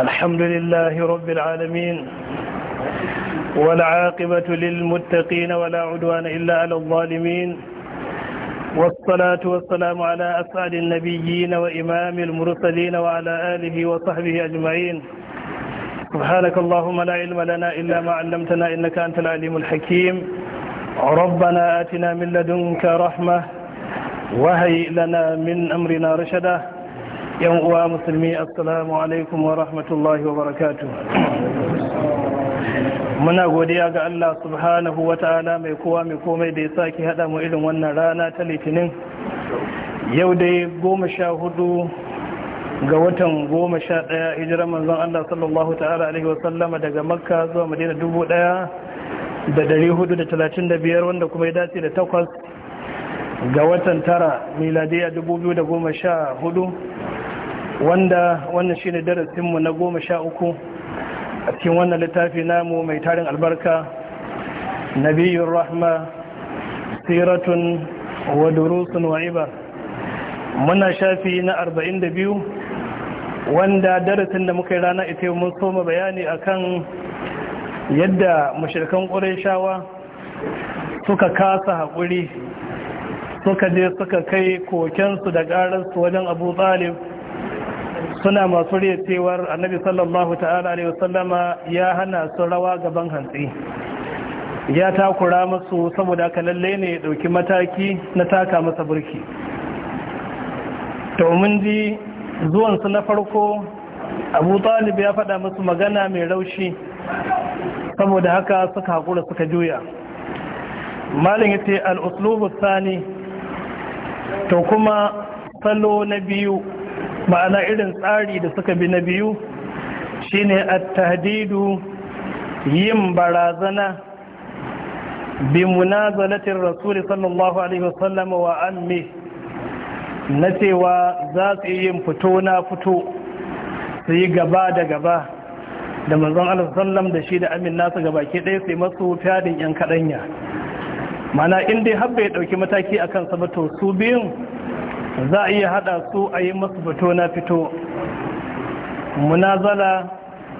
الحمد لله رب العالمين والعاقبة للمتقين ولا عدوان إلا على الظالمين والصلاة والسلام على أسعد النبيين وإمام المرسلين وعلى آله وصحبه أجمعين سبحانك اللهم لا علم لنا إلا ما علمتنا إنك أنت العليم الحكيم ربنا آتنا من لدنك رحمة وهيئ لنا من أمرنا رشدا yan uwa musulmi assalamu alaikum wa rahmatullahi wa barakatu muna godiya ga Allah subhanahu wa ta'ala mai kowa mai komai da ya sake hada mu irin wannan rana ta litinin yau dai goma sha hudu ga watan goma sha daya hijirar manzon Allah sallallahu ta'ala alaihi wa sallama daga makka zuwa madina dubu daya da dari hudu da talatin da biyar wanda kuma ya dace da takwas ga watan tara miladiya dubu biyu da goma sha hudu wanda wannan shine darasinmu na goma sha uku a cikin wannan littafi namu mai tarin albarka nabiyun rahma siratun wa durusun wa ibar muna shafi na arba'in da biyu wanda darasin da muka yi rana ita mun soma bayani akan yadda mashirkan ƙureshawa suka kasa haƙuri suka je suka kai kokensu da ƙararsu wajen abu tsalib suna masu riya cewar annabi sallallahu ta'ala alaihi wasallama ya hana su rawa gaban hantsi ya takura masu saboda ka lalle ne ya dauki mataki na taka masa burki to mun ji zuwan su na farko Abu Talib ya faɗa masu magana mai raushi saboda haka suka hakura suka juya malin yace ce uslubu to kuma salo na biyu ma'ana irin tsari da suka bi na biyu shine at-tahdidu yin barazana bi munazalatin rasuli sallallahu alaihi wasallam wa ammi na cewa za su yi yin fito na fito su yi gaba da gaba da manzon Allah sallam da shi da amin nasu gaba ke ɗaya sai masu fyaɗin yan kaɗanya mana in dai har bai ɗauki mataki a sabato su biyun za a iya hada su a yi masu fito na fito munazala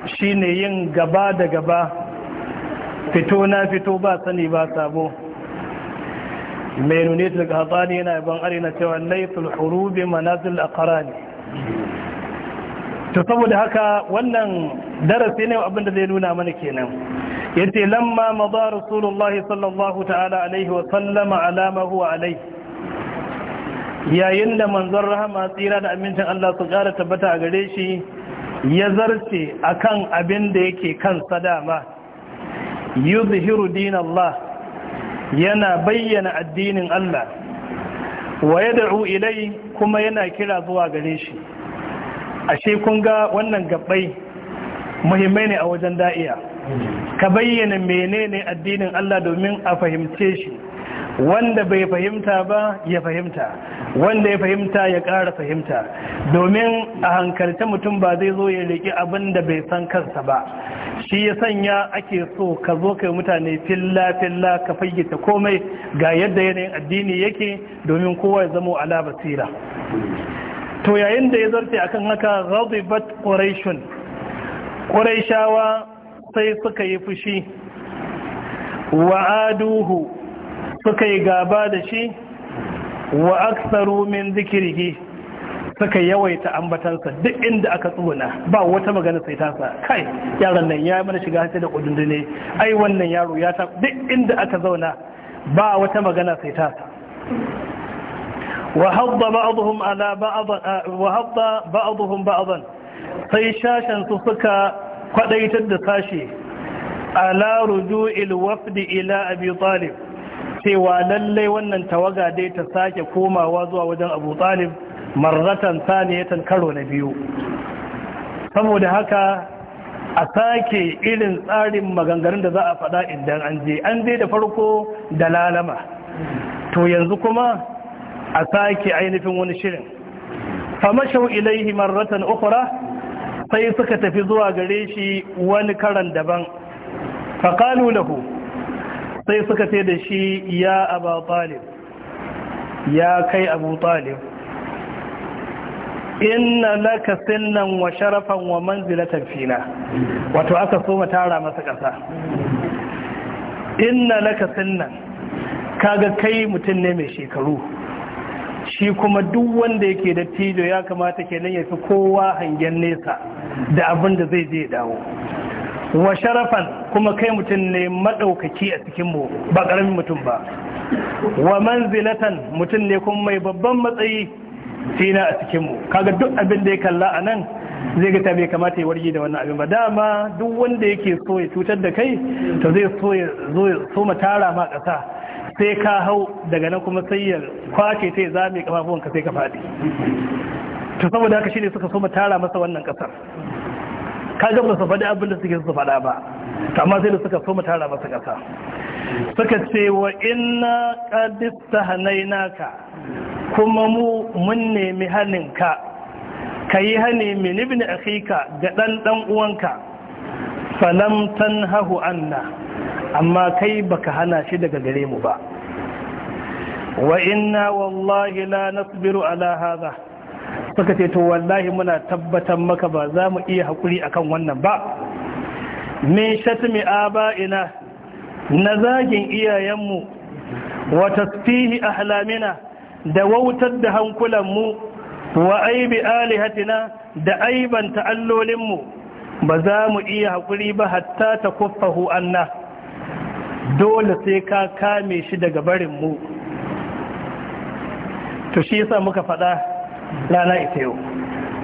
shine yin gaba da gaba fito na fito ba sani ba sabo mai su daga hatsari yana ban arina cewa laifin hurubi manazil a karani to saboda haka wannan darasi ne abinda zai nuna mana kenan yace lamma madar rasulullahi sallallahu ta'ala alaihi wa sallama alama huwa alaihi yayin da manzon rahama tsira da amincin Allah su kara tabbata a gare shi ya zarce kan abin da yake kan sadama yuzhiru din Allah yana bayyana addinin Allah wa yad'u ilai kuma yana kira zuwa gare shi ashe kun ga wannan gabbai muhimmai ne a wajen da'iya ka bayyana menene addinin Allah domin a fahimce shi wanda bai fahimta ba ya fahimta wanda ya fahimta ya ƙara fahimta domin a hankalta mutum ba zai zo ya riƙi abin da bai san kansa ba shi ya sanya ake so ka zo kai mutane filla-filla ka fayyata komai ga yadda yanayin addini yake domin kowa ya zamo ala basira to yayin da ya zarce akan haka bat quraishun quraishawa sai suka yi fushi wa'aduhu suka yi gaba da shi wa aktsaru min zikrihi suka yawaita ambatansa duk inda aka tsona ba wata magana sai ta sa kai yaron nan ya mana shiga sai da kudundune ai wannan yaro ya ta duk inda aka zauna ba wata magana sai ta sa wa hadda ba'dhum ala ba'd eh, wa hadda ba'dhum ba'dan sai shashan su suka kwadaitar da sashi ala ruju'il wafd ila abi talib cewa lallai wannan tawaga dai ta sake komawa zuwa wajen abu talib marratan saniyatan karo na biyu saboda haka a sake irin tsarin maganganun da za a faɗa idan an je an je da farko da lalama to yanzu kuma a sake ainihin wani shirin famashau ilaihi marratan ukura sai suka tafi zuwa gare shi wani karan daban faƙalu lahu sai suka ce da shi ya abu talib ya kai abu talib inna laka sinnan wa sharafan wa manzilatan fina wato aka so tara masa ƙasa inna laka sinnan kaga kai mutum ne mai shekaru shi kuma duk wanda yake da tijo ya kamata kenan ya fi kowa hangen nesa da abin da zai je dawo wa sharafan kuma kai mutum ne maɗaukaki a cikinmu ba ƙaramin mutum ba wa manzilatan mutum ne kuma mai babban matsayi sina a cikinmu kaga duk abin da ya kalla a nan zai ga ta kamata ya warge da wannan abin ba dama duk wanda yake so ya cutar da kai to zai so ya zo ya so ma tara ma ƙasa sai ka hau daga nan kuma sai ya kwace sai zame kafafuwanka sai ka faɗi to saboda haka shine suka so ma tara masa wannan ƙasar Ka ba su faɗi abin da suke su faɗa ba amma sai da suka so mu tara masa ƙasa suka ce wa inna qadista hanainaka kuma mu mun nemi haninka kayi hani min ibn akhika ga dan dan uwanka falam tanhahu anna amma kai baka hana shi daga gare mu ba wa inna wallahi la nasbiru ala hadha suka ce to wallahi muna tabbatar maka ba za mu iya haƙuri kan wannan ba min shatmi aba'ina na zagin iyayenmu wa tasfihi ahlamina da wautar da hankulanmu wa aibi alihatina da aibanta allolinmu ba za mu iya haƙuri ba hatta ta kuffahu anna dole sai ka kame shi daga barinmu to shi yasa muka faɗa rana ita yau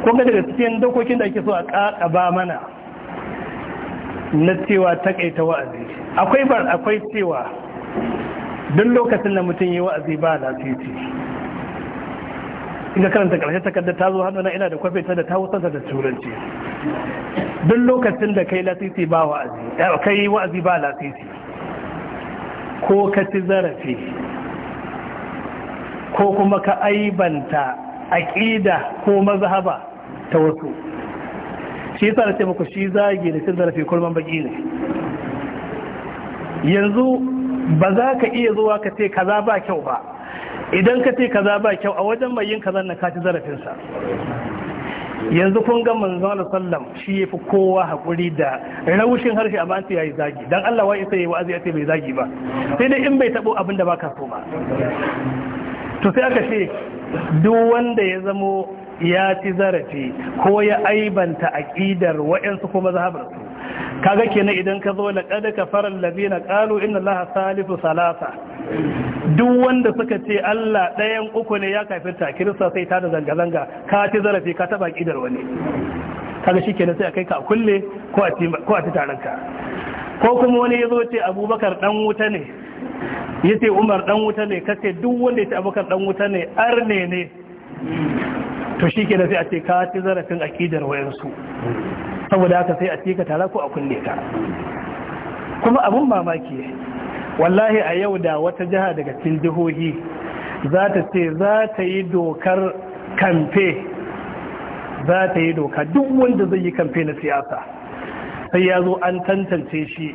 Ko ga daga cikin dokokin da ake so a ba mana na cewa ta takaita wa'azi akwai bar akwai cewa duk lokacin da mutum yi wa'azi ba lasisi inda karanta ƙarshe takardar ta zo na ina da kwafe ta da ta wusa da turanci duk lokacin da kai lasisi ba wa'azi kai wa'azi ba lasisi ko ka ci zarafi ko kuma ka aibanta aƙida ko mazhaba ta wasu shi yasa da ce shi zagi da cin zarafi kurman baki ne yanzu ba za ka iya zuwa ka ce kaza ba kyau ba idan ka ce kaza ba kyau a wajen mai yin kazan na kaci zarafinsa yanzu kun ga manzo Allah sallam shi yafi kowa hakuri da raushin harshe amma an ce yayi zagi dan Allah wai sai yayi wa'azi ya ce bai zagi ba sai dai in bai tabo abin da baka so ba to sai aka ce duk wanda ya zamo ya ci zarafi ko ya aibanta aƙidar wa'yansu kuma su kaga kenan idan ka zo la kada ka faral ladina qalu inna allaha salisu salasa duk wanda suka ce Allah ɗayan uku ne ya kafir ta kirista sai ta da zanga zanga ka ci zarafi ka taba kidar wani kaga shikenan sai akai ka kulle ko a ko a ci ka ko kuma wani yazo ce Abubakar dan wuta ne ya ce umar dan wuta ne kace duk wanda ya ce abokan dan wuta ne arne ne to shi ke sai a ce ka ci zarafin akidar wayansu saboda haka sai a ce ka tara ko a kunne ka kuma abun mamaki wallahi a yau da wata jiha daga cikin jihohi za ta ce za ta yi dokar kamfe za ta yi doka duk wanda zai yi kamfe na siyasa sai ya zo an tantance shi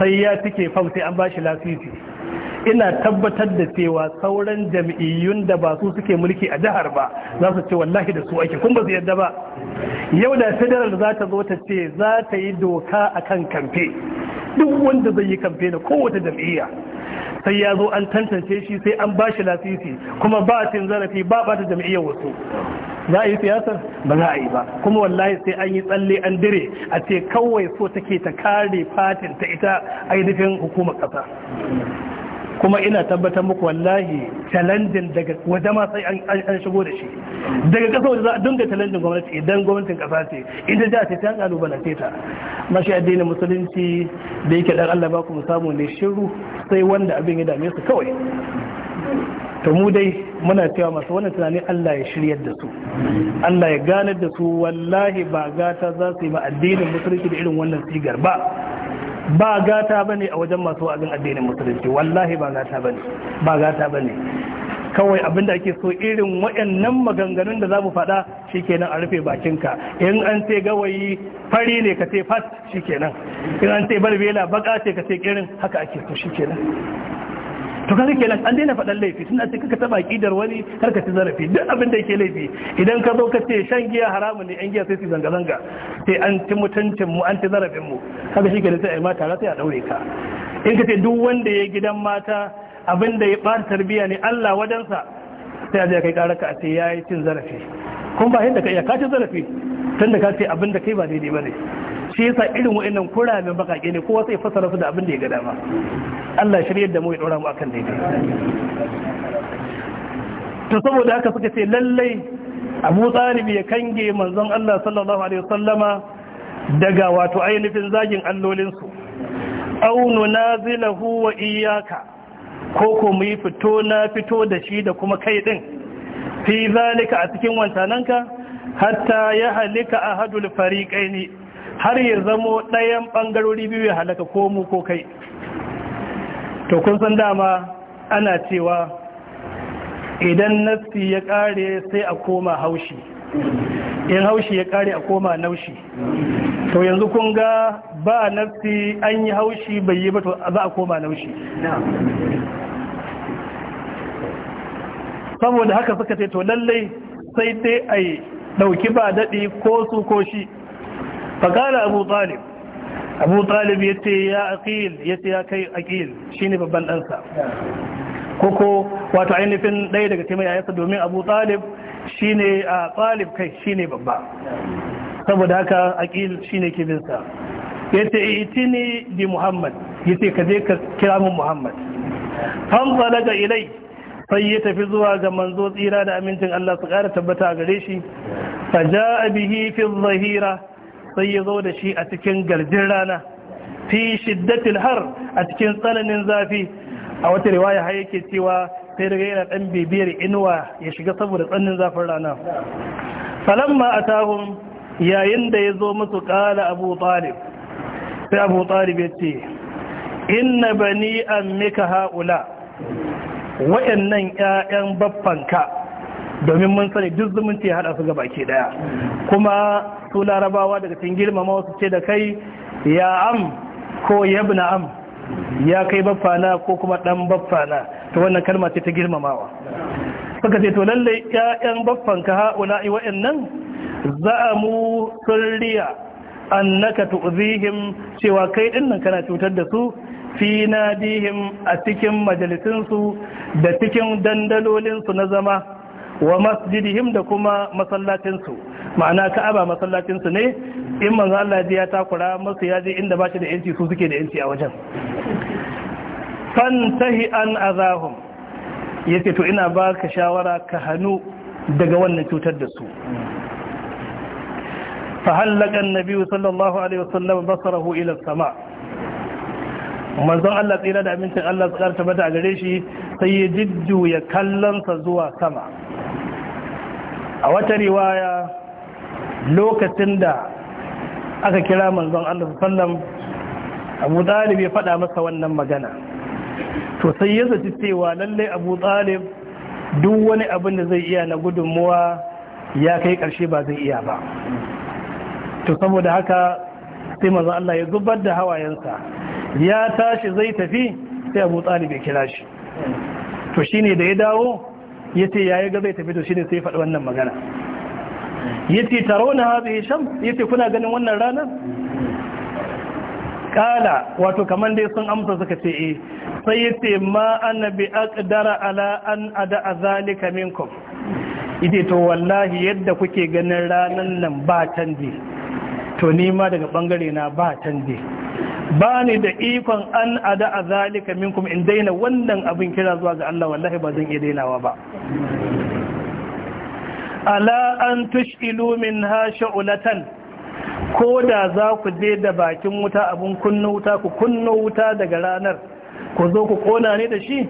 sai ya suke fam sai an bashi lasisi ina tabbatar da cewa sauran jam'iyyun da ba su suke mulki a jihar ba za su ce wallahi da su ake kun ba su yadda ba yau da federal za ta zo ta ce za ta yi doka akan kamfe duk wanda zai yi kamfe na kowace jam'iyya sai ya zo an tantance shi sai an ba shi lasisi kuma ba cin zarafi ba ba ta jam'iyyar wasu za a yi siyasar ba za a yi ba kuma wallahi sai an yi tsalle an dire a ce kawai so take ta kare fatin ta ita ainihin hukumar kasa kuma ina tabbatar muku wallahi challenging daga wajen ma sai an shigo da shi daga kasa waje za a dunga challenging gwamnati idan gwamnatin kasa ce inda da ta ta ce ta mashi addinin musulunci da yake dan Allah ba ku samu ne shiru sai wanda abin ya dame su kawai to mu dai muna cewa masu wannan tunanin Allah ya shiryar da su Allah ya gane da su wallahi ba gata za su yi ma addinin musulunci da irin wannan sigar ba ba gata ba ne a wajen masu wa'azin addinin musulunci wallahi ba gata ne ba gata ne kawai abinda ake so irin wayannan maganganun da za mu faɗa shikenan a rufe bakinka in an ce gawayi fari ne ka ce fat shikenan in an ce barbela baka ce ka ce irin haka ake so shikenan to kaga kenan an daina faɗan laifi suna ce kaka taba kidar wani kar ka ci zarafi duk abin da yake laifi idan ka zo ka ce shan giya haramun ne yan giya sai su zanga-zanga sai an ci mutuncin mu an ci zarafin mu kaga shi kenan sai a yi mata sai a ɗaure ka in ka ce duk wanda ya gidan mata abin da ya ɓata tarbiyya ne Allah wadansa sai a je kai karaka a ce ya cin zarafi kun ba yadda ka iya kace zarafi Tunda ka ce abin da kai ba daidai ba ne shi yasa irin wa'annan kuramin bakake ne kowa sai fasara su da abin da ya ga dama Allah shiryar da mu ya dora mu akan daidai to saboda haka suka ce lallai Abu Talib ya kange manzon Allah sallallahu alaihi wasallama daga wato ainihin zagin allolinsu au nunazilahu wa iyyaka ko ko mu yi fito na fito da shi da kuma kai din fi zalika a cikin wancananka hatta ya halika ahadul fariqaini har ya zamo ɗayan ɓangarori biyu ya halaka ko mu ko kai to kun san dama ana cewa idan nafsi ya kare sai a koma haushi in haushi ya kare a koma naushi to yanzu kun ga ba nafsi an yi haushi bai yi ba to za a koma naushi saboda haka suka ce to lallai sai dai a yi dauki ba daɗi ko su ko shi kala abu talib abu talib ya ce ya aqil ya ce ya kai aqil shine babban ɗansa koko wato ainihin ɗaya daga ya yasa domin abu talib shine a talib kai shine babba saboda haka aqil shine ke bin sa yace itini bi muhammad yace ka je ka kira mun muhammad fan daga ilai sai ya tafi zuwa ga manzo tsira da amincin Allah su ƙara tabbata gare shi fa jaa bihi fi dhahira sai ya zo da shi a cikin garjin rana fi shiddatil har a cikin tsananin zafi a wata riwaya har yake cewa sai daga yana dan bibiyar inuwa ya shiga saboda tsananin zafin rana falamma atahum yayin da ya zo musu kala abu talib sai abu talib ya ce inna bani ammika haula wayannan ƴaƴan baffanka domin mun sani duk zumunci ya haɗa su ga baki daya kuma su larabawa daga cikin girmama wasu ce da kai ya am ko yabna am ya kai baffana ko kuma dan baffana to wannan kalma ce ta girmamawa suka ce to lalle ƴaƴan baffanka ha'ula'i wa'annan mu sirriya annaka tu'zihim cewa kai dinnan kana cutar da su fi nadihim a cikin majalisinsu da cikin dandalolinsu na zama wa masjidihim da kuma masallacinsu ma'ana ka'aba masallacinsu ne in manzo Allah ya takura masu ya je inda ba shi da yanci su suke da yanci a wajen fantahi an azahum yace to ina baka shawara ka hanu daga wannan cutar da su fa النبي annabi sallallahu alaihi wasallam basarahu ila السماء manzon Allah tsira da amincin Allah tsakar tabbata a gare shi sai ya jiddu ya kallonsa zuwa sama a wata riwaya lokacin da aka kira manzon Allah sallam Abu Talib ya faɗa masa wannan magana to sai ya zaci cewa lalle Abu Talib duk wani abin da zai iya na gudunmuwa ya kai karshe ba zai iya ba to saboda haka sai manzon Allah ya zubar da hawayensa ya tashi zai tafi sai Abu Talib ya kira shi to shine da ya dawo ya ce ya yi ga zai tafi da shi ne sai faɗi wannan magana ya ce taro na haɗe sham ya ce kuna ganin wannan ranar Ƙala, wato kamar dai sun amsa suka ce e sai ya ce ma annabi aqdara ala an ada zalika minkum ita to wallahi yadda kuke ganin ranar nan ba canji to nima daga bangare na ba canji ba ni da ikon an ada a zalika kuma in daina wannan abin kira zuwa ga Allah wallahi ba zan iya dainawa ba ala an tush'ilu min ha sha'ulatan ko da za ku je da bakin wuta abin kunna wuta ku kunna wuta daga ranar ku zo ku kona ne da shi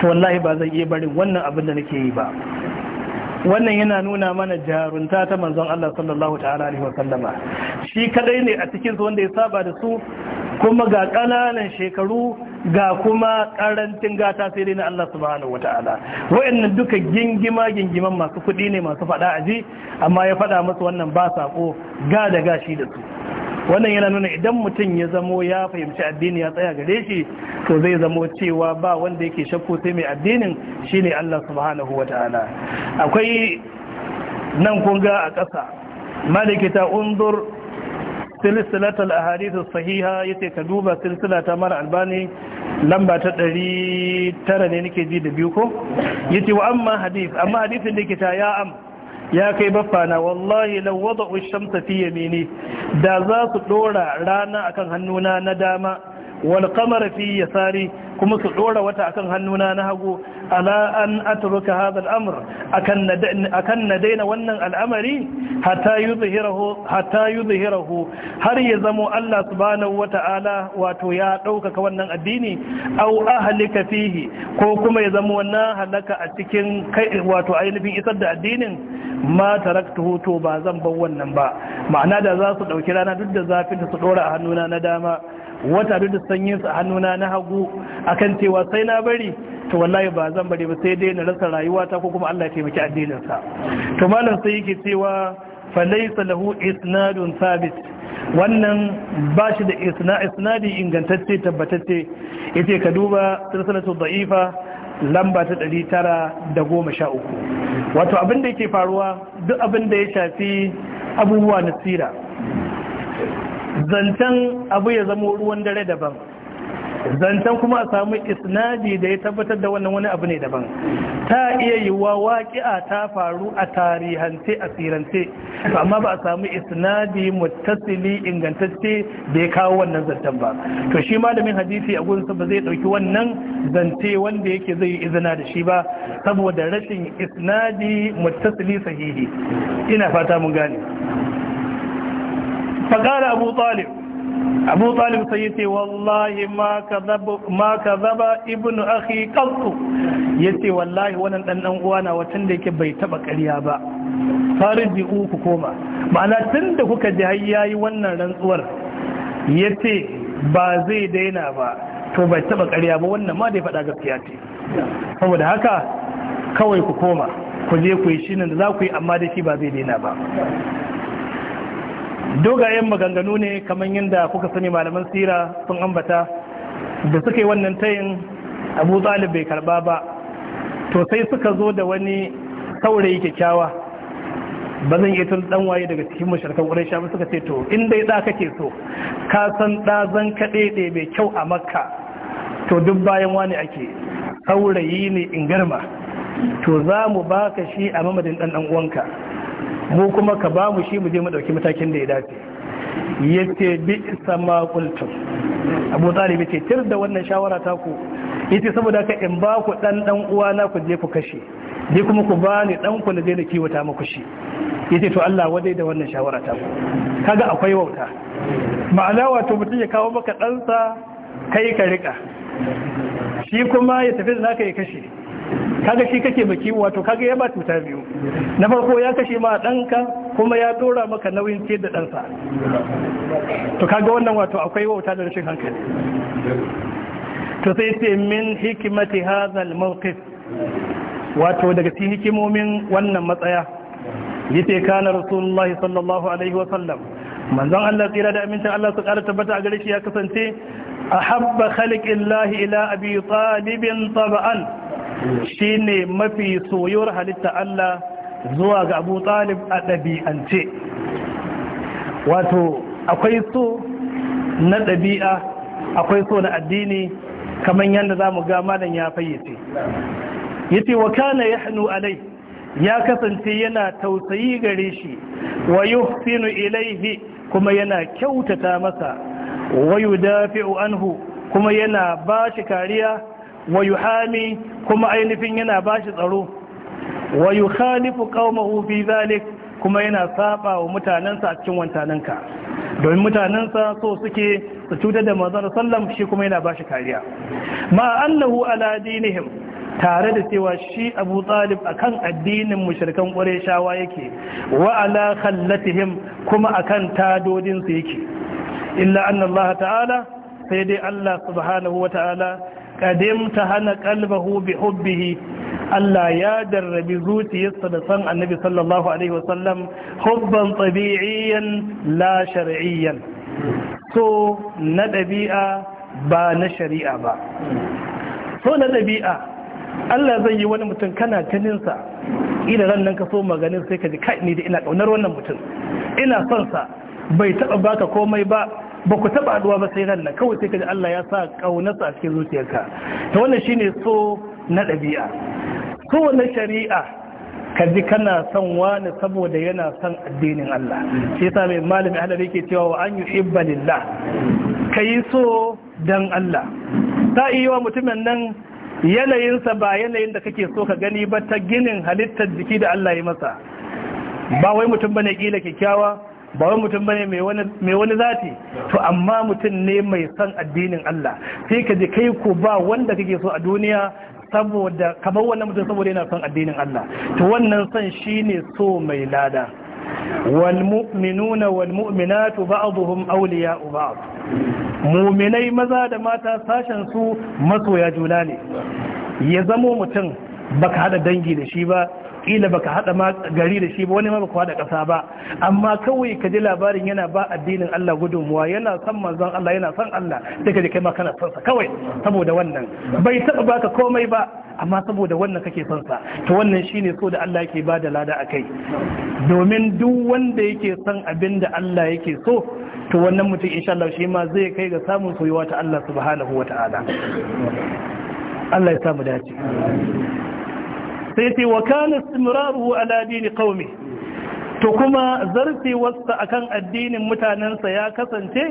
to wallahi ba zan iya barin wannan abin da nake yi ba wannan yana nuna mana jarunta ta manzon Allah sallallahu ta'ala alaihi wa sallama shi kadai ne a cikin su wanda ya saba da su kuma ga kananan shekaru ga kuma karantin gata sai dai na Allah subhanahu wata'ala wayannan duka gingima gingiman masu kuɗi ne masu fada aji amma ya fada musu wannan ba sako ga da gashi da su wannan yana nuna idan mutum ya zamo ya fahimci addini ya tsaya gare shi to zai zamo cewa ba wanda yake shakku sai mai addinin shine Allah subhanahu wataala akwai nan kun ga a ƙasa ta unzur silsilatul ahadith sahiha yace ka duba silsila ta mara albani lamba ta ɗari ne nake ji da biyu ko yace wa amma hadith amma hadithin da ke ta ya am ya kai baffana wallahi law wada'u shamsa fi yamini da za su dora rana akan hannuna na dama wal qamara fi yasari kuma su dora wata akan hannuna na hagu ala an atruka hadha al akan na daina wannan al'amari hatta yuzhirahu hatta yuzhirahu har ya zamo Allah subhanahu wata'ala wato ya daukaka wannan addini aw ahlika fihi ko kuma ya zamo wannan halaka a cikin kai wato ainihin isar da addinin ma taraktu hoto ba zan bar wannan ba ma'ana da za su dauki rana duk da zafin da su dora a hannuna na dama wata duk da sanyin su a hannuna na hagu akan cewa sai na bari to wallahi ba zan bari ba sai dai na rasa rayuwa ta ko kuma Allah ya taimaki addinin sa to malam sai yake cewa fa laysa lahu isnadun thabit wannan ba shi da isnadi ingantacce tabbatacce yace ka duba sirsalatu da'ifa lamba ta 913 wato abin da yake faruwa duk abin da ya shafi abubuwa na tsira zancen abu ya zama ruwan dare daban zancen kuma a samu isnadi da ya tabbatar da wannan wani abu ne daban ta iya yiwuwa waƙi'a ta faru a tarihance a sirance amma ba a samu isnadi muttasili ingantacce da ya kawo wannan zantan ba to shi malamin hadisi a gunsa ba zai ɗauki wannan zance wanda yake zai yi izina da shi ba saboda rashin isnadi mutasili sahihi ina fata mun gane فقال أبو طالب abu talib sai yace wallahi ma kadhaba ibn akhi qattu yace wallahi wannan dan dan uwana watan da yake bai taba ƙarya ba farji ku koma ma'ana tunda kuka ji har yayi wannan rantsuwar yace ba zai daina ba to bai taba ƙarya ba wannan ma dai faɗa gaskiya ce saboda haka kawai ku koma ku je ku yi shi nan da za ku yi amma da shi ba zai daina ba dogayen maganganu ne kamar yadda kuka sani malaman sira sun ambata da suka yi wannan tayin abu zalib bai karba ba to sai suka zo da wani saurayi kyakkyawa ba zan iya tun dan waye daga cikin mashirkan ƙurai shafi suka ce to in dai da kake so ka san da zan kaɗe ɗe mai kyau a makka to duk bayan wani ake saurayi ne in garma to za mu baka shi a mamadin ɗan ɗan uwanka mu kuma ka ba mu shi mu je mu dauki matakin da ya dace yace bi sama qultum Abu Talib yace tir da wannan shawara ta ku yace saboda ka in ba ku dan dan uwa na ku je ku kashe je kuma ku ba ni dan ku na je na kiwata muku shi yace to Allah wadai da wannan shawara ta ku kaga akwai wauta ma'ana wato mutum ya kawo maka ɗansa kai ka rika shi kuma ya tafi da naka ya kashe kaga shi kake maki wato kaga ya ba cuta biyu na farko ya kashe ma ɗanka kuma ya dora maka nauyin ce da ɗansa to kaga wannan wato akwai wauta da rashin hankali to sai ce min hikimati hazal mawqif wato daga cikin hikimomin wannan matsaya yace kana rasulullahi sallallahu alaihi wa sallam manzon Allah tsira da amincin Allah su ƙara tabbata a gare shi ya kasance ahabba khalqillahi ila abi talibin tab'an Shi ne mafi soyuwar halitta Allah zuwa ga Abu Talib a ɗabi'ance wato akwai so na ɗabi'a akwai so na addini kamar yadda za mu gama da ya fayyace ya ce wa kana ya hannu alai ya kasance yana tausayi gare shi wa yuhsinu ilaihi kuma yana kyautata masa wayu dafi'u anhu kuma yana ba shi kariya wa yuhami kuma ainihin yana bashi tsaro wa yukhalifu qaumahu fi zalik kuma yana saba wa mutanensa a cikin wantananka domin mutanensa so suke su cutar da manzon sallam shi kuma yana shi kariya ma annahu ala dinihim tare da cewa shi abu talib akan addinin mushrikan qurayshawa yake wa ala khallatihim kuma akan tadodin su yake illa anna ta'ala sai dai allah subhanahu wa ta'ala kadim ta hana kalbahu bi hubbihi Allah ya darrabi zuciyarsa da san annabi sallallahu alaihi wasallam hubban tabi'iyan la shar'iyyan so na ɗabi'a ba na shari'a ba so na ɗabi'a Allah zai yi wani mutum kana sa idan ran nan ka so maganin sai ka ji kai ni da ina kaunar wannan mutum ina son sa bai taɓa baka komai ba ba ku taba aduwa ba sai ran kawai sai ka kaji Allah ya sa kaunarsa a cikin zuciyarka Ta wannan shine so na ɗabi'a so na shari'a ka ji kana son wani saboda yana son addinin Allah shi yasa mai malami halabi ke cewa wa an yuhibba lillah kayi so dan Allah ta iya mutumin nan yanayinsa ba yanayin da kake so ka gani ba ta ginin halittar jiki da Allah ya masa ba wai mutum bane kila kyakkyawa ba wani mutum bane mai wani zati to amma mutum ne mai son addinin Allah sai ka je kai ko ba wanda kake so a duniya saboda kamar wannan mutum saboda yana son addinin Allah to wannan son shine so mai lada wal mu'minuna wal mu'minatu ba'dhum awliya'u ba'd mu'minai maza da mata sashen su masoya juna ne ya zamo mutum baka hada dangi da shi ba kila baka hada ma gari da shi ba wani ma baka hada kasa ba amma kawai ka ji labarin yana ba addinin Allah gudunmuwa yana san manzon Allah yana san Allah sai ka kai ma kana son sa kawai saboda wannan bai taba baka komai ba amma saboda wannan kake son sa to wannan shine so da Allah yake bada lada akai domin duk wanda yake son abin da Allah yake so to wannan mutum insha Allah shi ma zai kai ga samun soyuwa ta Allah subhanahu wataala Allah ya samu dace sai ce wa kana istimraruhu ala dini qaumi to kuma zartewarsa akan addinin mutanensa ya kasance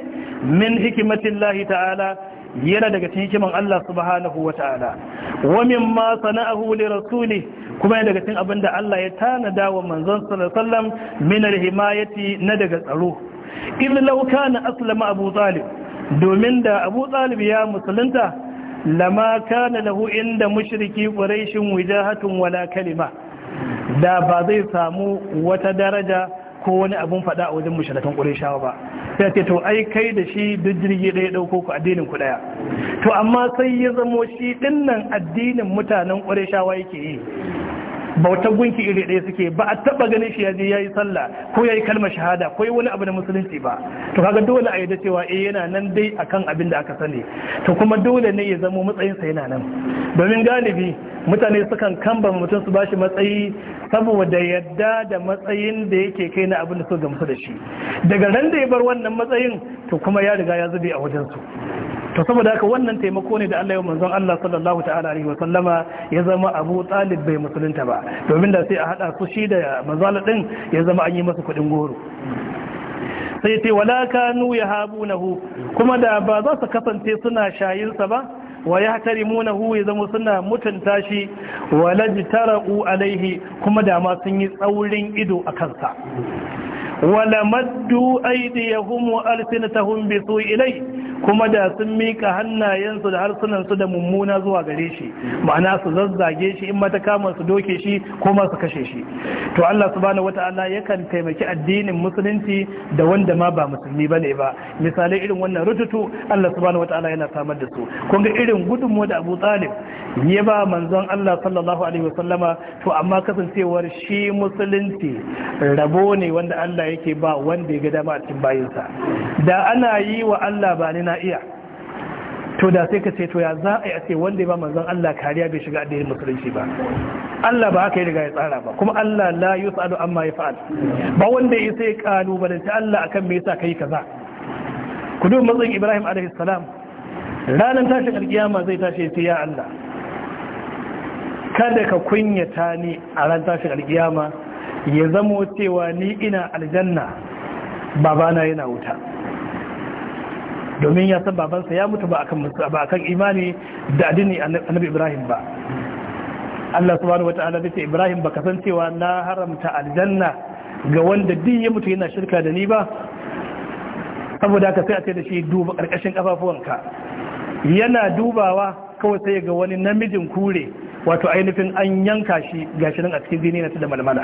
min hikimatin lahi ta'ala yana daga cikin hikiman Allah subhanahu wa ta'ala wa mimma sana'ahu li rasuli kuma yana daga cikin abinda Allah ya tanada wa manzon sallallahu alaihi min alhimayati na daga tsaro in law kana aslama abu talib domin da abu talib ya musulunta lama kana lahu inda mushriki quraishin wijahatun wala kalima da ba zai samu wata daraja ko wani abun fada a wajen mushrikan quraishawa ba sai ce to ai kai da shi duk jirgi ɗaya ɗauko ku addinin ku ɗaya to amma sai ya zamo shi nan addinin mutanen quraishawa yake yi bautar gunki iri ɗaya suke ba a taba ganin shi yaje yayi sallah ko yayi kalmar shahada ko yayi wani abu na musulunci ba to kaga dole a da cewa eh yana nan dai akan abin da aka sani to kuma dole ne ya zama matsayin sa yana nan domin galibi mutane sukan kamba mutum su bashi matsayi saboda yadda da matsayin da yake kai na abin da su gamsu da shi daga ran da ya bar wannan matsayin to kuma ya riga ya zube a wajen su to saboda haka wannan taimako ne da Allah ya manzon Allah sallallahu ta'ala alaihi wa sallama ya zama Abu Talib bai musulunta ba domin da sai a hada su shi da manzala din ya zama an yi masa kudin goro sai ce wala kanu yahabunahu kuma da ba za su kasance suna shayinsa ba wa ya tarimunahu ya zama suna mutunta shi wa lajtara'u alaihi kuma da ma sun yi tsaurin ido a kansa wala maddu aydiyahum wa alsinatahum bi su'ilai kuma da sun mika hannayensu da harsunansu da mummuna zuwa gare shi ma'ana su zazzage shi in mata kama su doke shi ko masu kashe shi to Allah subhanahu wata'ala yakan taimaki addinin musulunci da wanda ma ba musulmi bane ba misalai irin wannan rututu Allah subhanahu wata'ala yana samar da su kun ga irin gudunmu da Abu Talib ya ba manzon Allah sallallahu alaihi wasallama to amma kasancewar shi musulunci rabo ne wanda Allah yake ba wanda ya ga dama a cikin bayinsa da ana yi wa Allah ba ne na iya to da sai ka ce to ya za a yi a ce wanda ba manzon Allah kariya bai shiga addinin musulunci ba Allah ba haka yi riga ya tsara ba kuma Allah la yus'alu amma yaf'al ba wanda ya sai kalubalance Allah akan me yasa kai kaza ku duba matsayin Ibrahim alaihi salam ranar tashi alkiyama zai tashi ya ya Allah kada ka kunyata ni a ran tashin alkiyama ya zamo cewa ni ina aljanna babana yana wuta domin ya san babansa ya mutu ba akan ba imani da addini annabi Ibrahim ba Allah subhanahu ta'ala zai ce Ibrahim ba kasancewa na haramta aljanna ga wanda din ya mutu yana shirka da ni ba saboda haka sai a ce da shi duba karkashin kafafuwanka yana dubawa kawai sai ga wani namijin kure wato ainihin an yanka shi gashi nan a cikin dini na da malmala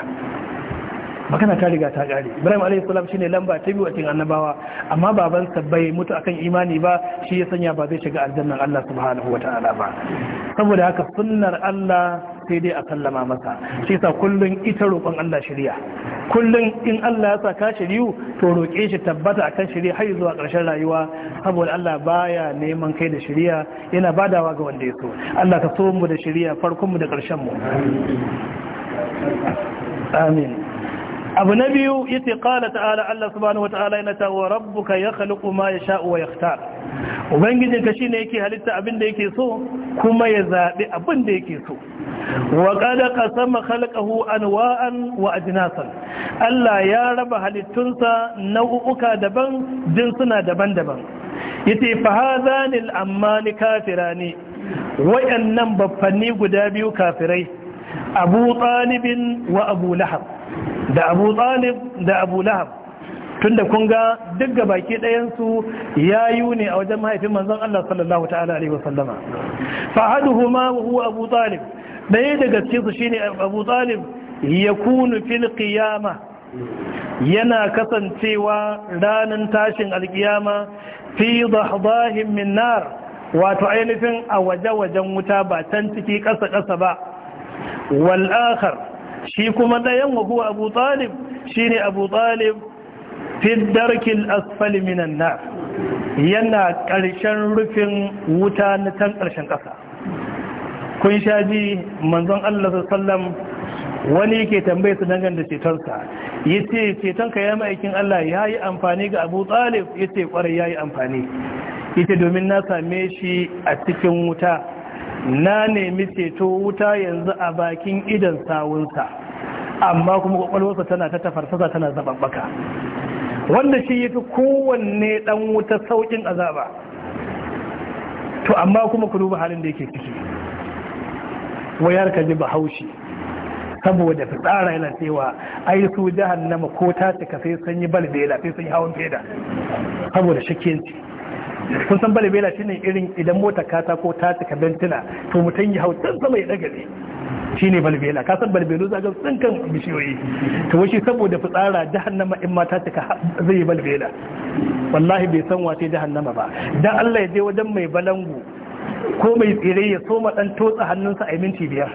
magana ta riga ta kare ibrahim alaihi salam shine lamba ta biyu a cikin annabawa amma babansa bai mutu akan imani ba shi ya sanya ba zai shiga aljannan Allah subhanahu wataala ba saboda haka sunnar Allah sai dai a sallama masa shi yasa kullun ita roƙon Allah shirya kullun in Allah ya saka shiriyu to roƙe shi tabbata akan shiriya har zuwa ƙarshen rayuwa saboda Allah baya neman kai da shiriya yana badawa ga wanda ya so Allah ka so mu da shiriya farkon mu da ƙarshen mu amin abu na biyu yace qala ta'ala Allah subhanahu wata'ala yana ta wa rabbuka yakhluqu ma yasha'u wa yakhtar ubangijin ka shine yake halitta abin da yake so kuma ya zabi abin da yake so wa qad qasama khalqahu anwa'an wa ajnasan Allah ya raba halittunsa nau'uka daban jinsuna daban-daban yace fa hadhani al-ammani kafirani wayannan baffanni guda biyu kafirai abu talibin wa abu lahab da abu talib da abu lahab tunda kun ga duk ga baki ɗayansu ya yi ne a wajen mahaifin manzon Allah sallallahu ta'ala alaihi wasallama fa haduhuma huwa abu talib ɗaya daga cikin su shine abu talib yakunu fil qiyama yana kasancewa ranar tashin alkiyama fi dahdahin min nar wato ainihin a waje-wajen wuta ba can ciki ƙasa-ƙasa ba walakar. shi kuma ɗayan wa huwa abu talib shi ne abu talib fiddarkin asfali minan na yana ƙarshen rufin wuta na can ƙarshen ƙasa kun sha ji manzon Allah sallam wani ke tambaye su dangan da cetonsa ya ce cetonka ya ma'aikin Allah ya yi amfani ga abu talib ya ce ƙwarai ya yi amfani ita domin na same shi a cikin wuta na nemi ceto wuta yanzu a bakin idan sawunsa amma kuma kwakwalwarsa tana ta tafarsasa tana zababbaka wanda shi fi kowanne ɗan wuta saukin azaba to amma kuma ku duba halin da yake ciki wayar ka ji bahaushe saboda fitsara yana cewa ai su jahannama ko ta cika sai sun yi balbe sai sun yi hawan feda saboda shakiyanci kun san bale bela shine irin idan mota ta ko ta cika bentuna to mutum ya tun sama ya ne, shine ne balbela. ka san bale belu zaga tsinkan bishiyoyi to washi saboda fitsara jahannama in ma ta cika zai balbela wallahi bai san wace jahannama ba dan Allah ya je wajen mai balangu ko mai tsire ya soma dan totsa hannunsa a minti biyar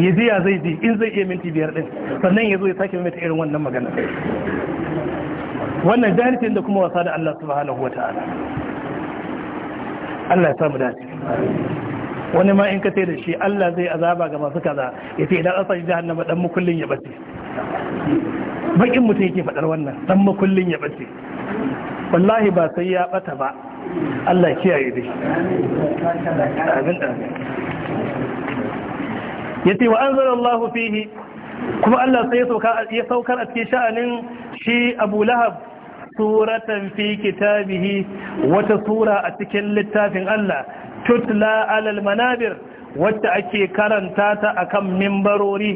ya ziya zai ji in zai iya minti biyar din sannan ya zo ya sake mai ta irin wannan magana wannan jahilcin da kuma wasa da Allah subhanahu wa ta'ala Allah ya samu dace wani ma in ka sai da shi Allah zai azaba ga masu kaza ya ce idan asali jahannama dan makullin ya bace bakin mutum yake faɗar wannan dan makullin ya bace wallahi ba sai ya bata ba Allah kiyaye dai amin amin yace wa anzalallahu fihi kuma Allah sai ya saukar a cikin sha'anin shi Abu Lahab suratan fi kitabihi wata sura a cikin littafin Allah tutla alal manabir wadda ake karanta ta akan mimbarori